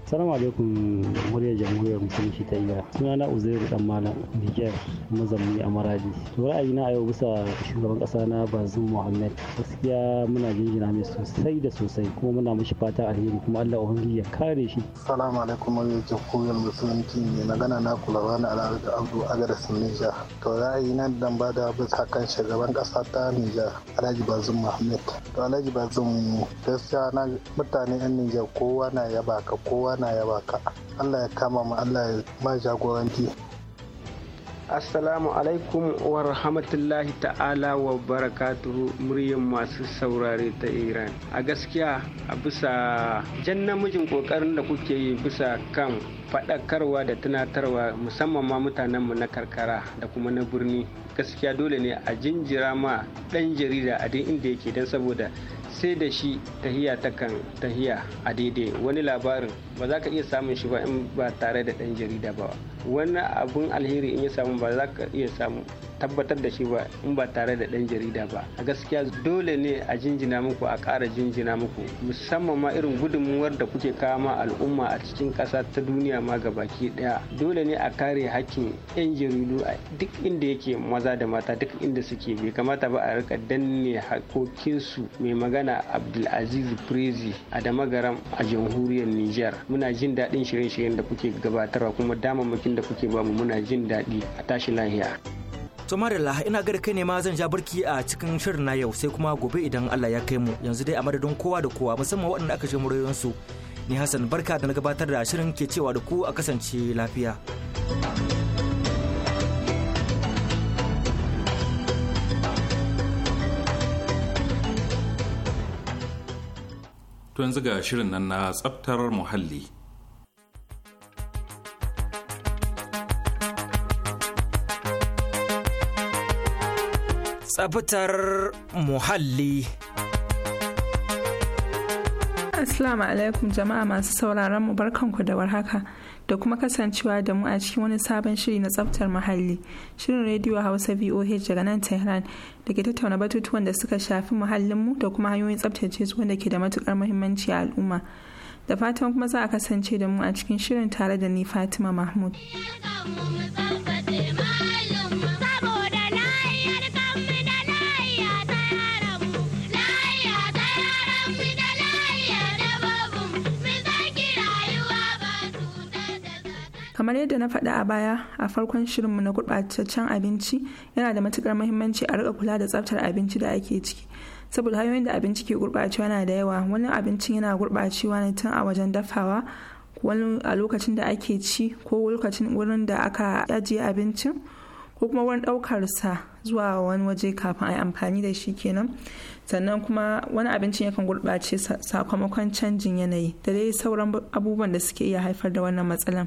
salamu alaikum muryar jamhuriyar musulunci ta iya na uzairu dan malam niger mazamni a maradi to ra'ayina a yau bisa shugaban kasa na bazin muhammad gaskiya muna jinjina mai sosai da sosai kuma muna mishi fata alheri kuma allah ubangiji ya kare shi
salamu alaikum muryar jamhuriyar musulunci ne magana na kulawa na al'adu abdu agada sinija
to ra'ayina dan bada bisa kan shugaban kasa ta nija alhaji bazin muhammad to alhaji bazin gaskiya na mutane yan nija kowa na yaba ka kowa ana yaba ka allah ya kama mu allah ya ma jagoranci Assalamu
alaikum wa rahmatullahi ta'ala wa barakatuhu muryan masu saurare ta Iran. A gaskiya a bisa jan namijin kokarin da kuke yi bisa kan faɗakarwa da tunatarwa musamman ma mutanenmu na karkara da kuma na birni gaskiya dole ne a jinjira ma ɗan jarida a duk inda yake don saboda sai da shi tahiya ta kan tahiya a daidai wani labarin ba za ka iya samun shi ba in ba tare da ɗan jarida ba wani abun alheri in ya samu ba za ka iya samu tabbatar da shi ba in ba tare da ɗan jarida ba a gaskiya dole ne a jinjina muku a ƙara jinjina muku musamman ma irin gudunmuwar da kuke kawo kama al'umma a cikin ƙasa ta duniya ma ga baki ɗaya dole ne a kare hakkin 'yan jaridu a duk inda yake maza da mata duk inda suke bai kamata ba a rika danne hakokinsu mai magana abdulaziz prezi a damagaram a jamhuriyar niger muna jin daɗin shirye-shiryen da kuke gabatarwa kuma damammakin da kuke bamu muna jin daɗi a tashi lahiya.
To Marilla ina gari kai ne ma zan ja barki a cikin shirin na yau sai kuma gobe idan Allah ya kai mu yanzu dai a madadin kowa da kowa musamman waɗanda aka je su ni Hassan barka da na gabatar da shirin ke cewa da ku a kasance lafiya.
To yanzu ga shirin nan na tsaftar muhalli.
tsabtar muhalli.
Assalamu alaikum jama'a masu sauraron mu barkanku da warhaka da kuma kasancewa da mu a cikin wani sabon shiri na tsaftar muhalli shirin rediyo Hausa VOH daga nan Tehran da ke tattauna batutuwan da suka shafi muhallinmu da kuma hanyoyin tsaftace su wanda ke da matukar muhimmanci a al'umma da fatan kuma za a kasance da mu a cikin shirin tare da ni Fatima Mahmud. kamar yadda na faɗa a baya a farkon shirinmu na gurɓataccen abinci yana da matukar muhimmanci a riƙa kula da tsaftar abinci da ake ciki saboda hanyoyin da abinci ke gurɓacewa na da yawa wani abincin yana gurɓacewa ne tun a wajen dafawa wani a lokacin da ake ci ko lokacin wurin da aka ajiye abincin ko kuma wurin ɗaukarsa zuwa wani waje kafin a yi amfani da shi kenan sannan kuma wani abincin yakan gurɓace sakamakon canjin yanayi da dai sauran abubuwan da suke iya haifar da wannan matsalan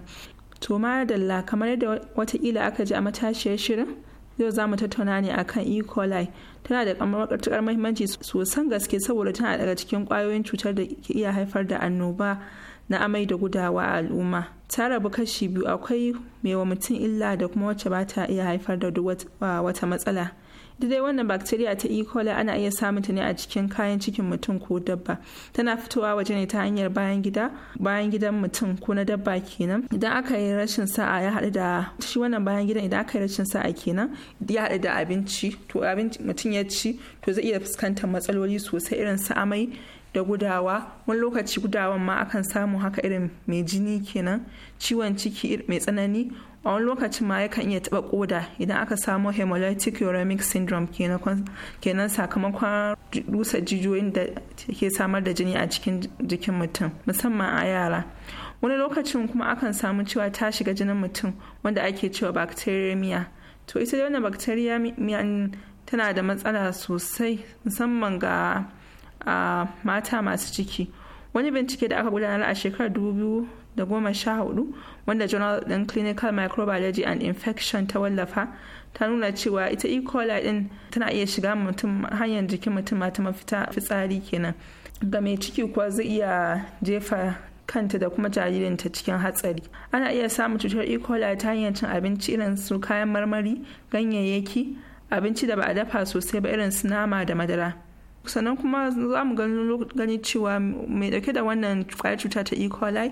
to madalla kamar yadda watakila aka ji a matashiyar shirin yau za mu tattauna ne akan e. coli tana da matuƙar mahimmanci sosan gaske saboda tana daga cikin kwayoyin cutar da ke iya haifar da annoba na amai da gudawa a al'umma ta rabu kashi biyu akwai mai wa mutum illa da kuma wacce ba ta iya haifar da wata matsala dai wannan bacteria ta E. coli ana iya samun ta ne a cikin kayan cikin mutum ko dabba tana fitowa waje ne ta hanyar bayan gida bayan gidan mutum ko na dabba kenan idan aka yi rashin sa'a ya haɗu da shi wannan bayan gidan idan aka yi rashin sa'a kenan ya haɗu da abinci to abinci mutum ya ci to zai iya fuskantar matsaloli sosai irin su amai da gudawa wani lokaci gudawan ma akan samu haka irin mai jini kenan ciwon ciki mai tsanani a wani lokacin ma yakan iya taba koda idan aka samo hemolytic uremic syndrome kenan sakamakon rusa jijiyoyin da ke samar da jini a cikin jikin mutum musamman a yara wani lokacin kuma akan samu cewa ta shiga jinin mutum wanda ake cewa bacteremia to ita da wannan bacteremia tana da matsala sosai musamman ga mata masu ciki wani bincike da aka gudanar a shekarar da goma sha hudu wanda journal din clinical microbiology and infection ta wallafa ta nuna cewa ita e. coli din tana iya shiga mutum hanyar jikin mutum ta mafita fitsari kenan ga mai ciki kuwa zai iya jefa kanta da kuma jaririnta cikin hatsari ana iya samun cutar e. coli ta hanyar cin abinci irin su kayan marmari ganyayyaki abinci da ba a dafa sosai ba irin su nama da madara sannan kuma za mu gani cewa mai dauke da wannan kwayar cuta ta e. coli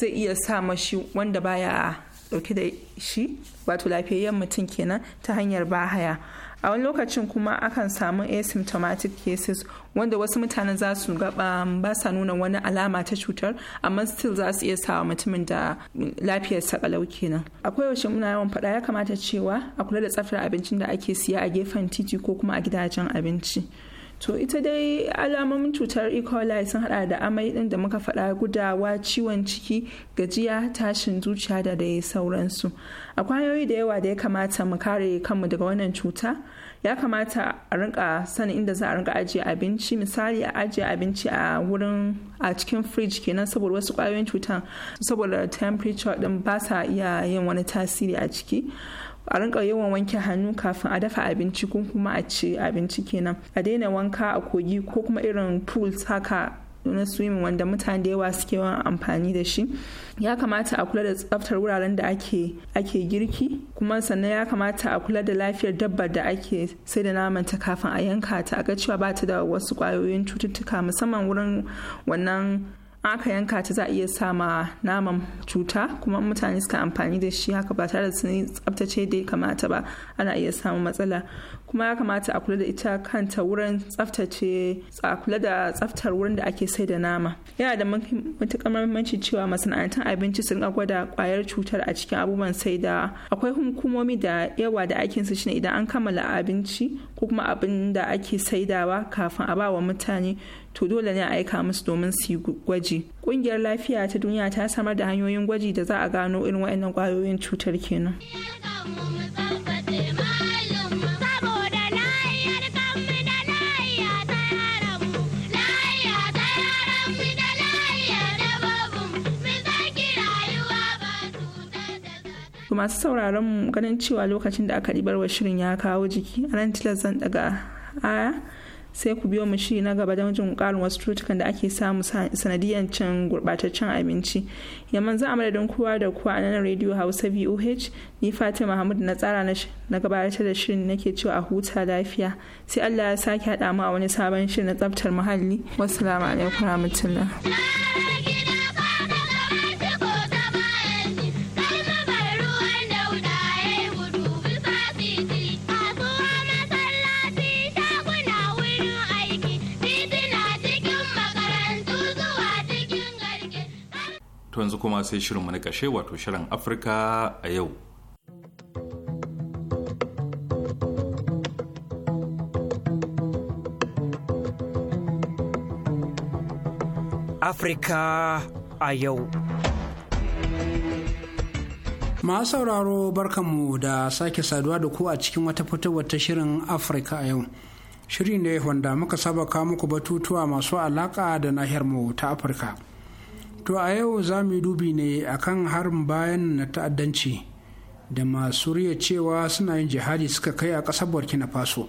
zai iya sa mashi wanda baya dauke da shi wato lafiyayyen mutum kenan ta hanyar bahaya a wani lokacin kuma akan samu asymptomatic cases wanda wasu mutanen za su gaba ba sa nuna wani alama ta cutar amma still za su iya sawa mutumin da lafiyar sakalau kenan akwai yaushe muna yawan faɗa ya kamata cewa a kula da tsaftar abincin da ake siya a gefen titi ko kuma a gidajen abinci to ita dai alamomin cutar e. coli sun hada da amai din da muka faɗa gudawa ciwon ciki gajiya tashin zuciya da dai sauransu a kwayoyi da yawa da ya kamata mu kare kanmu daga wannan cuta ya kamata a rinka sanin inda za a rinka ajiye abinci misali a ajiye abinci a wurin a cikin fridge kenan saboda wasu kwayoyin cutan saboda temperature din ba sa iya yin wani tasiri a ciki a rinka yawan wanke hannu kafin a dafa abinci ko kuma a ci abinci kenan a daina wanka a kogi ko kuma irin pools haka na swimming wanda mutane da yawa suke yawan amfani da shi ya kamata a kula da tsaftar wuraren da ake ake girki kuma sannan ya kamata a kula da lafiyar dabbar da ake sai da namanta kafin a yanka ta a ga cewa ba ta da wasu kwayoyin cututtuka musamman wurin wannan aka yanka ta za a iya sama naman cuta kuma mutane suka amfani da shi haka ba tare da sun tsabtace da kamata ba ana iya samun matsala kuma ya kamata a kula da ita kanta wurin tsaftace a kula da tsaftar wurin da ake sai da nama yana da matukar muhimmanci cewa masana'antar abinci su rinka gwada kwayar cutar a cikin abubuwan sai da akwai hukumomi da yawa da aikin su shine idan an kammala abinci ko kuma abin da ake saidawa kafin a bawa mutane to dole ne a aika musu domin su yi gwaji kungiyar lafiya ta duniya ta samar da hanyoyin gwaji da za a gano irin waɗannan kwayoyin cutar kenan. To masu sauraron ganin cewa lokacin da aka ɗibar wa shirin ya kawo jiki a nan tilas zan daga aya sai ku biyo mu shiri na gaba don jin ƙarin wasu cutukan da ake samu sanadiyar cin gurɓataccen abinci. Yamman za a madadin kowa da kowa a nan rediyo Hausa VOH ni Fatima Mahmud na tsara na gabatar da shirin nake cewa a huta lafiya sai Allah ya sake haɗa mu a wani sabon shirin na tsaftar muhalli. Wassalamu alaikum warahmatullahi.
to yanzu kuma sai shirinmu na ƙashe wato shirin afirka a yau
afirka a yau masu sauraro barkanmu da sake saduwa da ku a cikin wata fitowar ta shirin afirka a yau shiri ne wanda muka saba kawo muku batutuwa masu alaƙa da nahiyar mu ta afirka to a yau za mu dubi ne akan harin bayan na ta'addanci da masu riya cewa suna yin jihadi suka kai a ƙasar burkina faso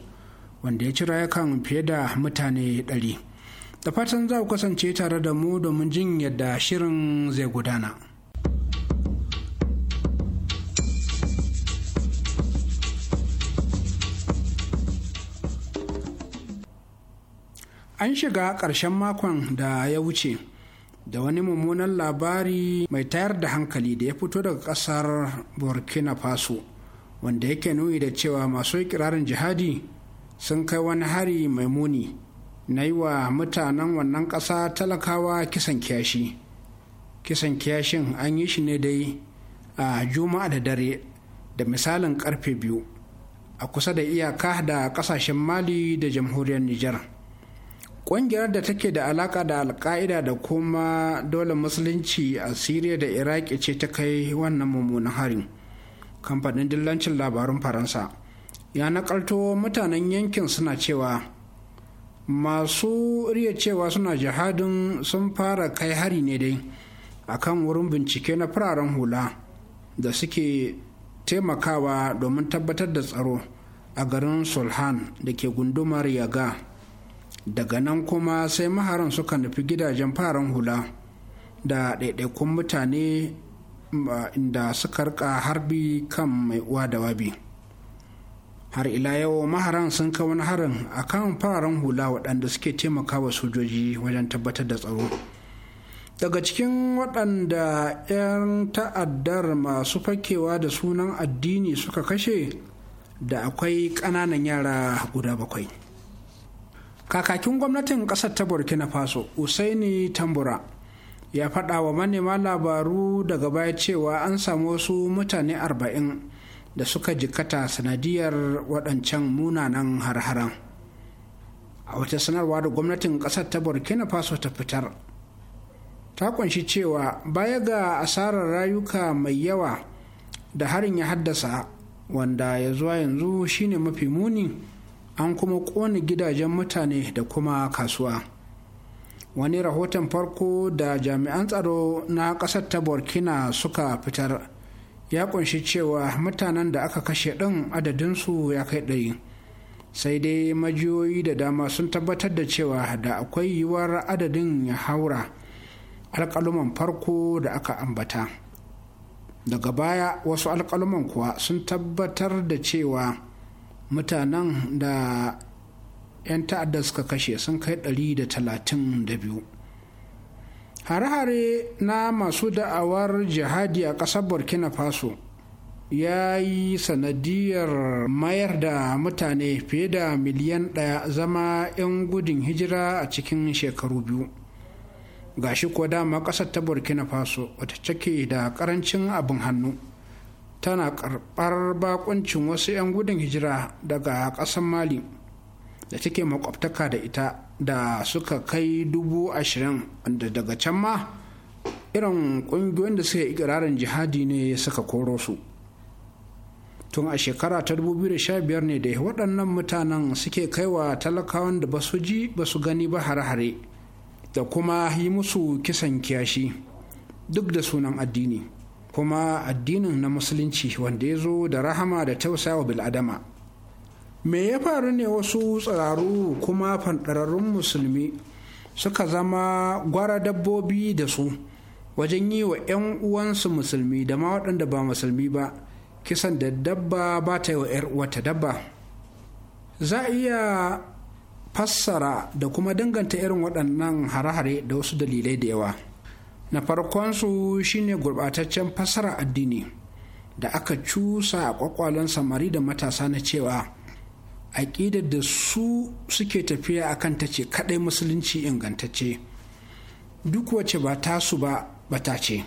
wanda ya ci rayukan fiye da mutane ɗari da fatan za ku kasance tare da mu domin jin yadda shirin zai gudana. an shiga ƙarshen makon da ya wuce da wani mummunan labari mai tayar da hankali da ya fito daga kasar burkina faso wanda yake nuni da cewa masu ikirarin jihadi sun kai wani hari mai muni na yi wa mutanen wannan ƙasa talakawa kisan kiyashi kisan kiyashin an yi shi ne dai a juma'a da dare da misalin karfe biyu a kusa da iyaka da ƙasashen mali da jamhuriyar nijar ƙungiyar da take da alaƙa da alƙa'ida da kuma dole musulunci a siriya da iraki ce ta kai wannan mummunan harin kamfanin dillancin labarun faransa ya nakalto mutanen yankin suna cewa masu riya cewa suna jihadin sun fara kai hari ne dai a kan wurin bincike na fararen hula da suke taimakawa domin tabbatar da tsaro a garin sulhan da ke gundumar yaga daga nan kuma sai maharan suka nufi gidajen faran hula da ɗaiɗaikun mutane mm, inda suka rika harbi kan mai uwa da wabi har ila yau maharan sun kai wani harin a kan fararen hula waɗanda suke taimakawa sojoji wajen tabbatar da tsaro daga cikin waɗanda 'yan ta'addar masu fakewa da sunan addini suka kashe da akwai ƙananan yara guda bakwai kakakin gwamnatin ƙasar ta burkina faso usaini tambura ya faɗa wa manema labaru daga baya cewa an samu wasu mutane arba'in da suka jikata sanadiyar waɗancan munanan har a wata sanarwa da gwamnatin ƙasar ta burkina faso ta fitar ta kunshi cewa baya ga asarar rayuka mai yawa da harin ya haddasa wanda ya zuwa yanzu shine mafi muni an kuma kone gidajen mutane da kuma kasuwa wani rahoton farko da jami'an tsaro na ƙasar ta burkina suka fitar ya kunshi cewa mutanen da aka kashe ɗin adadinsu ya kai ɗari sai dai majiyoyi da dama sun tabbatar da cewa da akwai yiwuwar adadin ya haura alƙaluman farko da aka ambata daga baya wasu alƙaluman kuwa sun tabbatar da cewa mutanen da 'yan ta'adda suka kashe sun kai 132 hare-hare na masu da'awar jihadi a ƙasar burkina faso ya yi sanadiyar mayar da mutane fiye da miliyan ɗaya zama 'yan gudun hijira a cikin shekaru biyu gashi kuwa dama ƙasar ta burkina faso wata cike da ƙarancin abin hannu tana karɓar bakuncin wasu 'yan gudun hijira daga ƙasar mali da take makwabtaka da ita da suka kai dubu ashirin da daga can ma irin ƙungiyoyin da suka ikirarin jihadi ne suka koro su tun a shekara ta 2015 ne da waɗannan mutanen suke kaiwa talakawan da basu ji basu gani ba hare-hare da kuma yi musu kisan kiyashi duk da sunan addini. kuma addinin na musulunci wanda ya zo da rahama da tausawa bil'adama me ya faru ne wasu tsararru kuma fanɗararrun musulmi suka zama gwara dabbobi da su wajen yi wa 'yan uwansu musulmi da ma waɗanda ba musulmi ba kisan da dabba ba ta yi wata dabba za a iya fassara da kuma danganta irin waɗannan hare-hare da wasu dalilai da yawa. na farkonsu shine gurbataccen fasara addini da aka cusa a kwakwalon samari da matasa na cewa aƙidar da su suke tafiya a ta ce kaɗai musulunci ingantacce duk wace ba tasu ba bata ce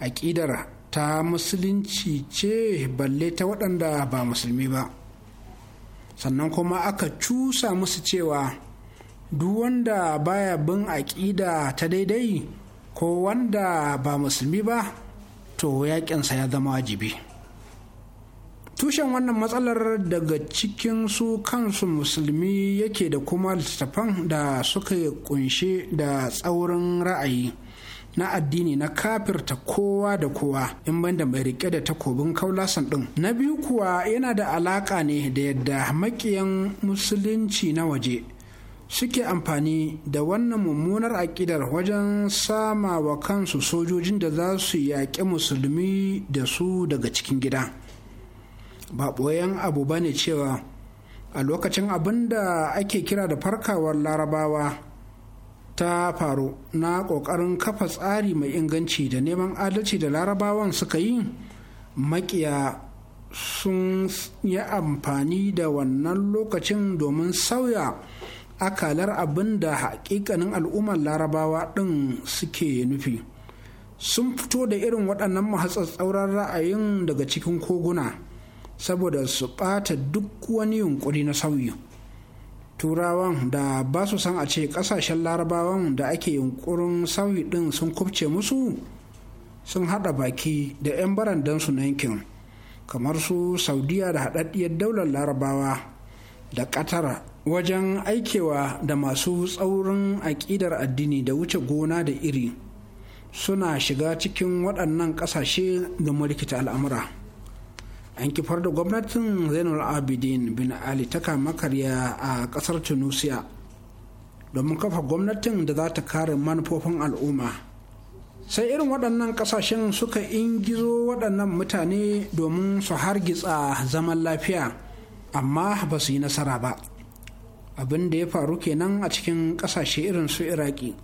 aƙidar ta musulunci ce balle ta waɗanda ba musulmi ba sannan kuma aka cusa musu cewa duk wanda baya bin aƙida ta daidai ko wanda ba musulmi ba to yakinsa ya zama wajibi tushen wannan matsalar daga cikin su kansu musulmi yake da kuma littattafan da suka kunshe da tsaurin ra'ayi na addini na kafirta kowa da kowa in ban da mai rike da takobin kaulasan ɗin. Na biyu kuwa yana da alaƙa ne da yadda makiyan musulunci na waje suke amfani da wannan mummunar aƙidar wajen sama wa kansu sojojin da za su yaƙi musulmi da su daga cikin gida ba ɓoyen abu ba ne cewa a lokacin abin da ake kira da farkawar larabawa ta faru na ƙoƙarin kafa tsari mai inganci da neman adalci da larabawan suka yi makiya sun yi amfani da wannan lokacin domin sauya akalar abin da hakikanin al'ummar larabawa ɗin suke nufi sun fito da irin waɗannan mahatsatsauran ra'ayin daga cikin koguna saboda su ɓata duk wani yunkuri na sauyi turawan da ba su san a ce ƙasashen larabawan da ake yunkurin sauyi ɗin sun kubce musu sun haɗa baki da 'yan barandansu na yankin kamar su saudiya da haɗaɗɗiyar daular larabawa da ƙatar wajen aikewa da masu tsaurin aƙidar addini da wuce gona da iri suna shiga cikin waɗannan ƙasashe da mulkita al'amura an kifar da gwamnatin zainul abidin bin ali ta kamakarya a ƙasar tunisia domin kafa gwamnatin da za ta kare manufofin al'umma sai irin waɗannan ƙasashen suka ingizo waɗannan mutane domin su hargitsa zaman lafiya amma ba su yi nasara ba abin da ya faru kenan a cikin ƙasashe irin su iraki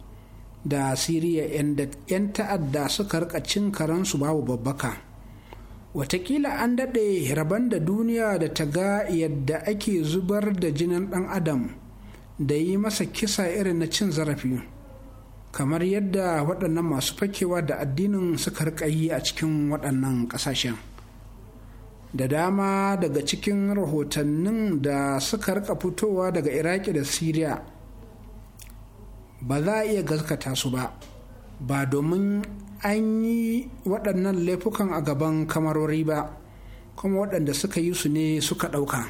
da siriya 'yan ta'adda suka rika cin karansu babu babbaka watakila an daɗe rabon da duniya da ta ga yadda ake zubar da jinin ɗan adam da yi masa kisa irin na cin zarafi kamar yadda waɗannan masu fakewa da addinin suka rika yi a cikin waɗannan ƙasashen da dama daga cikin rahotannin da suka rika fitowa daga iraki da syria ba za a iya gaskata su ba ba domin an yi waɗannan laifukan a gaban kamarori ba kuma waɗanda suka yi su ne suka ɗauka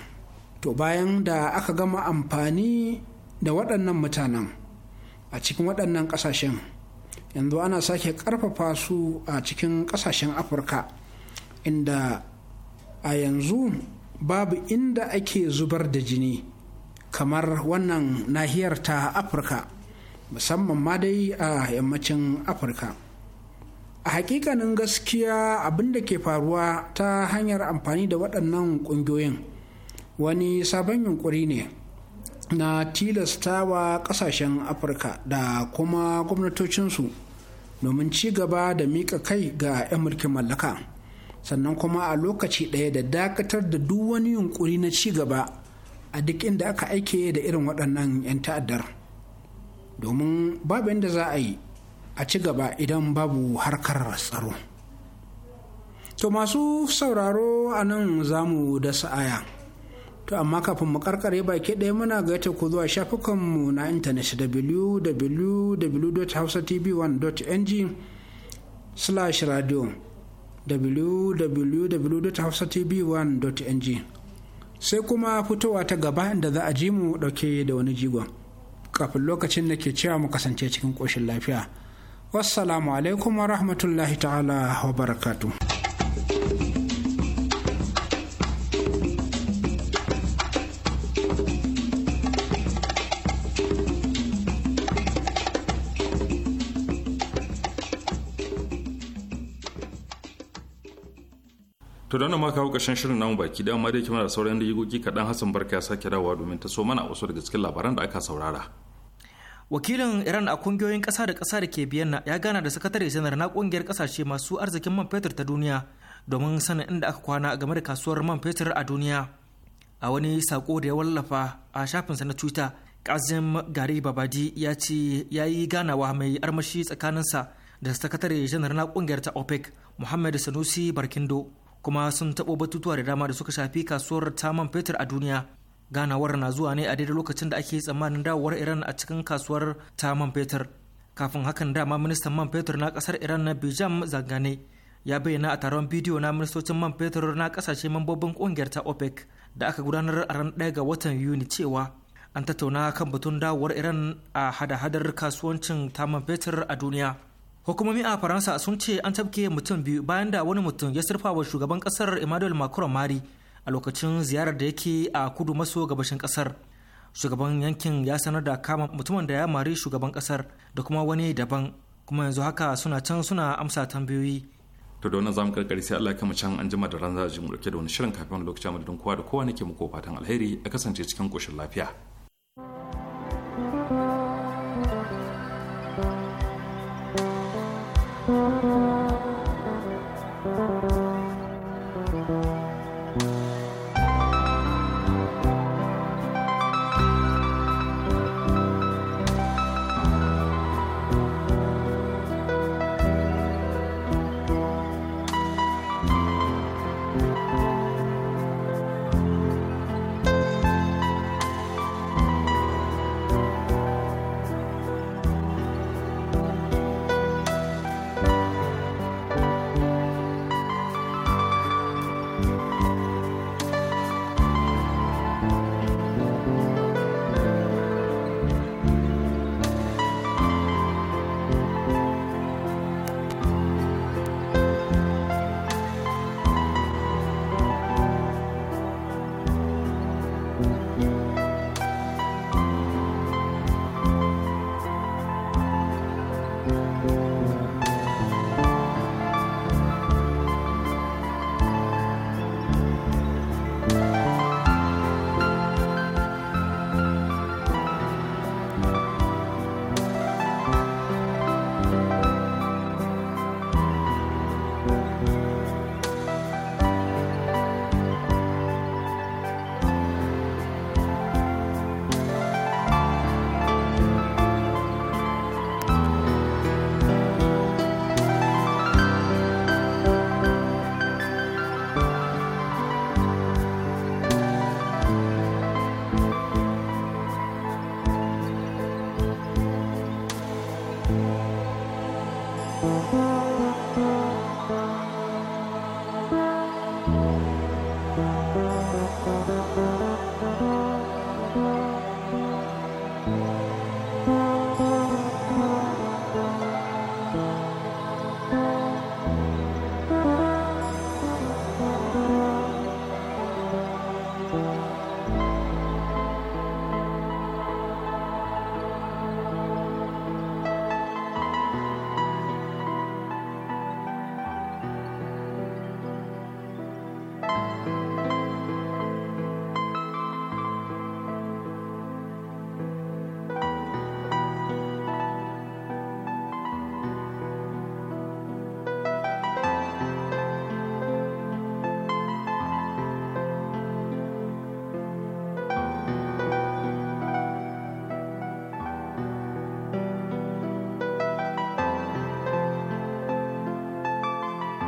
to bayan da aka gama amfani da waɗannan mutanen a cikin waɗannan ƙasashen yanzu ana sake ƙarfafa su a cikin ƙasashen afirka inda a yanzu babu inda ake zubar da jini kamar wannan nahiyar ta afirka musamman ma dai a yammacin afirka a hakikanin gaskiya abinda ke faruwa ta hanyar amfani da waɗannan ƙungiyoyin wani sabon yunkuri ne na tilasta wa ƙasashen afirka da kuma gwamnatocinsu domin ci gaba da miƙa kai ga 'yan mulkin mallaka. sannan kuma a lokaci ɗaya da dakatar da duk wani yunkuri na ci gaba a duk inda aka aike da irin waɗannan 'yan ta'addar domin babu inda za a yi a ci gaba idan babu harkar tsaro to masu sauraro a nan za mu da sa'aya to amma kafin mu karkare baki ɗaya muna gaita ku zuwa shafukanmu na intanet www.hausatv1.ng radio www.hausatv1.ng sai kuma fitowa ta gaba da za a ji mu dauke da wani jigon kafin lokacin da ke cewa mu kasance cikin koshin lafiya wassalamu alaikum wa rahmatullahi ta'ala wa barakatu.
to da wannan maka hau ƙarshen shirin namu baki da amma dai kimar da sauran digogi kaɗan hassan barka ya sake dawowa domin ta so mana wasu daga cikin labaran da aka saurara
wakilin iran a kungiyoyin ƙasa da ƙasa da ke biyanna ya gana da sakatare janar na ƙungiyar ƙasashe masu arzikin man fetur ta duniya domin sanin inda aka kwana game da kasuwar man fetur a duniya a wani sako da ya wallafa a shafinsa na twitter kazim gari babadi ya ce ya yi ganawa mai armashi tsakaninsa da sakatare janar na kungiyar ta opec muhammad sanusi barkindo kuma sun taɓo batutuwa da dama da suka shafi kasuwar taman fetur a duniya ganawar na zuwa ne a daidai lokacin da ake tsammanin dawowar iran a cikin kasuwar taman fetur kafin hakan dama ministan man fetur na kasar iran na bijam zangane ya bayyana a taron bidiyo na ministocin man fetur na kasashe mambobin kungiyar ta opec da aka gudanar a ran ɗaya ga watan yuni cewa an tattauna kan batun dawowar iran a hada-hadar kasuwancin taman fetur a duniya hukumomi a faransa sun ce an tabke mutum biyu bayan da wani mutum ya surfa wa shugaban kasar emmanuel macron mari a lokacin ziyarar da yake a kudu maso gabashin kasar shugaban yankin ya sanar da kama mutumin da ya mari shugaban kasar da kuma wani daban kuma yanzu haka suna can suna amsa tambayoyi
to da wannan zamu karkare sai Allah ya kama can an jima da ran za mu dauke da wani shirin kafin lokacin mu madadin kowa da kowa nake muku fatan alheri a kasance cikin koshin lafiya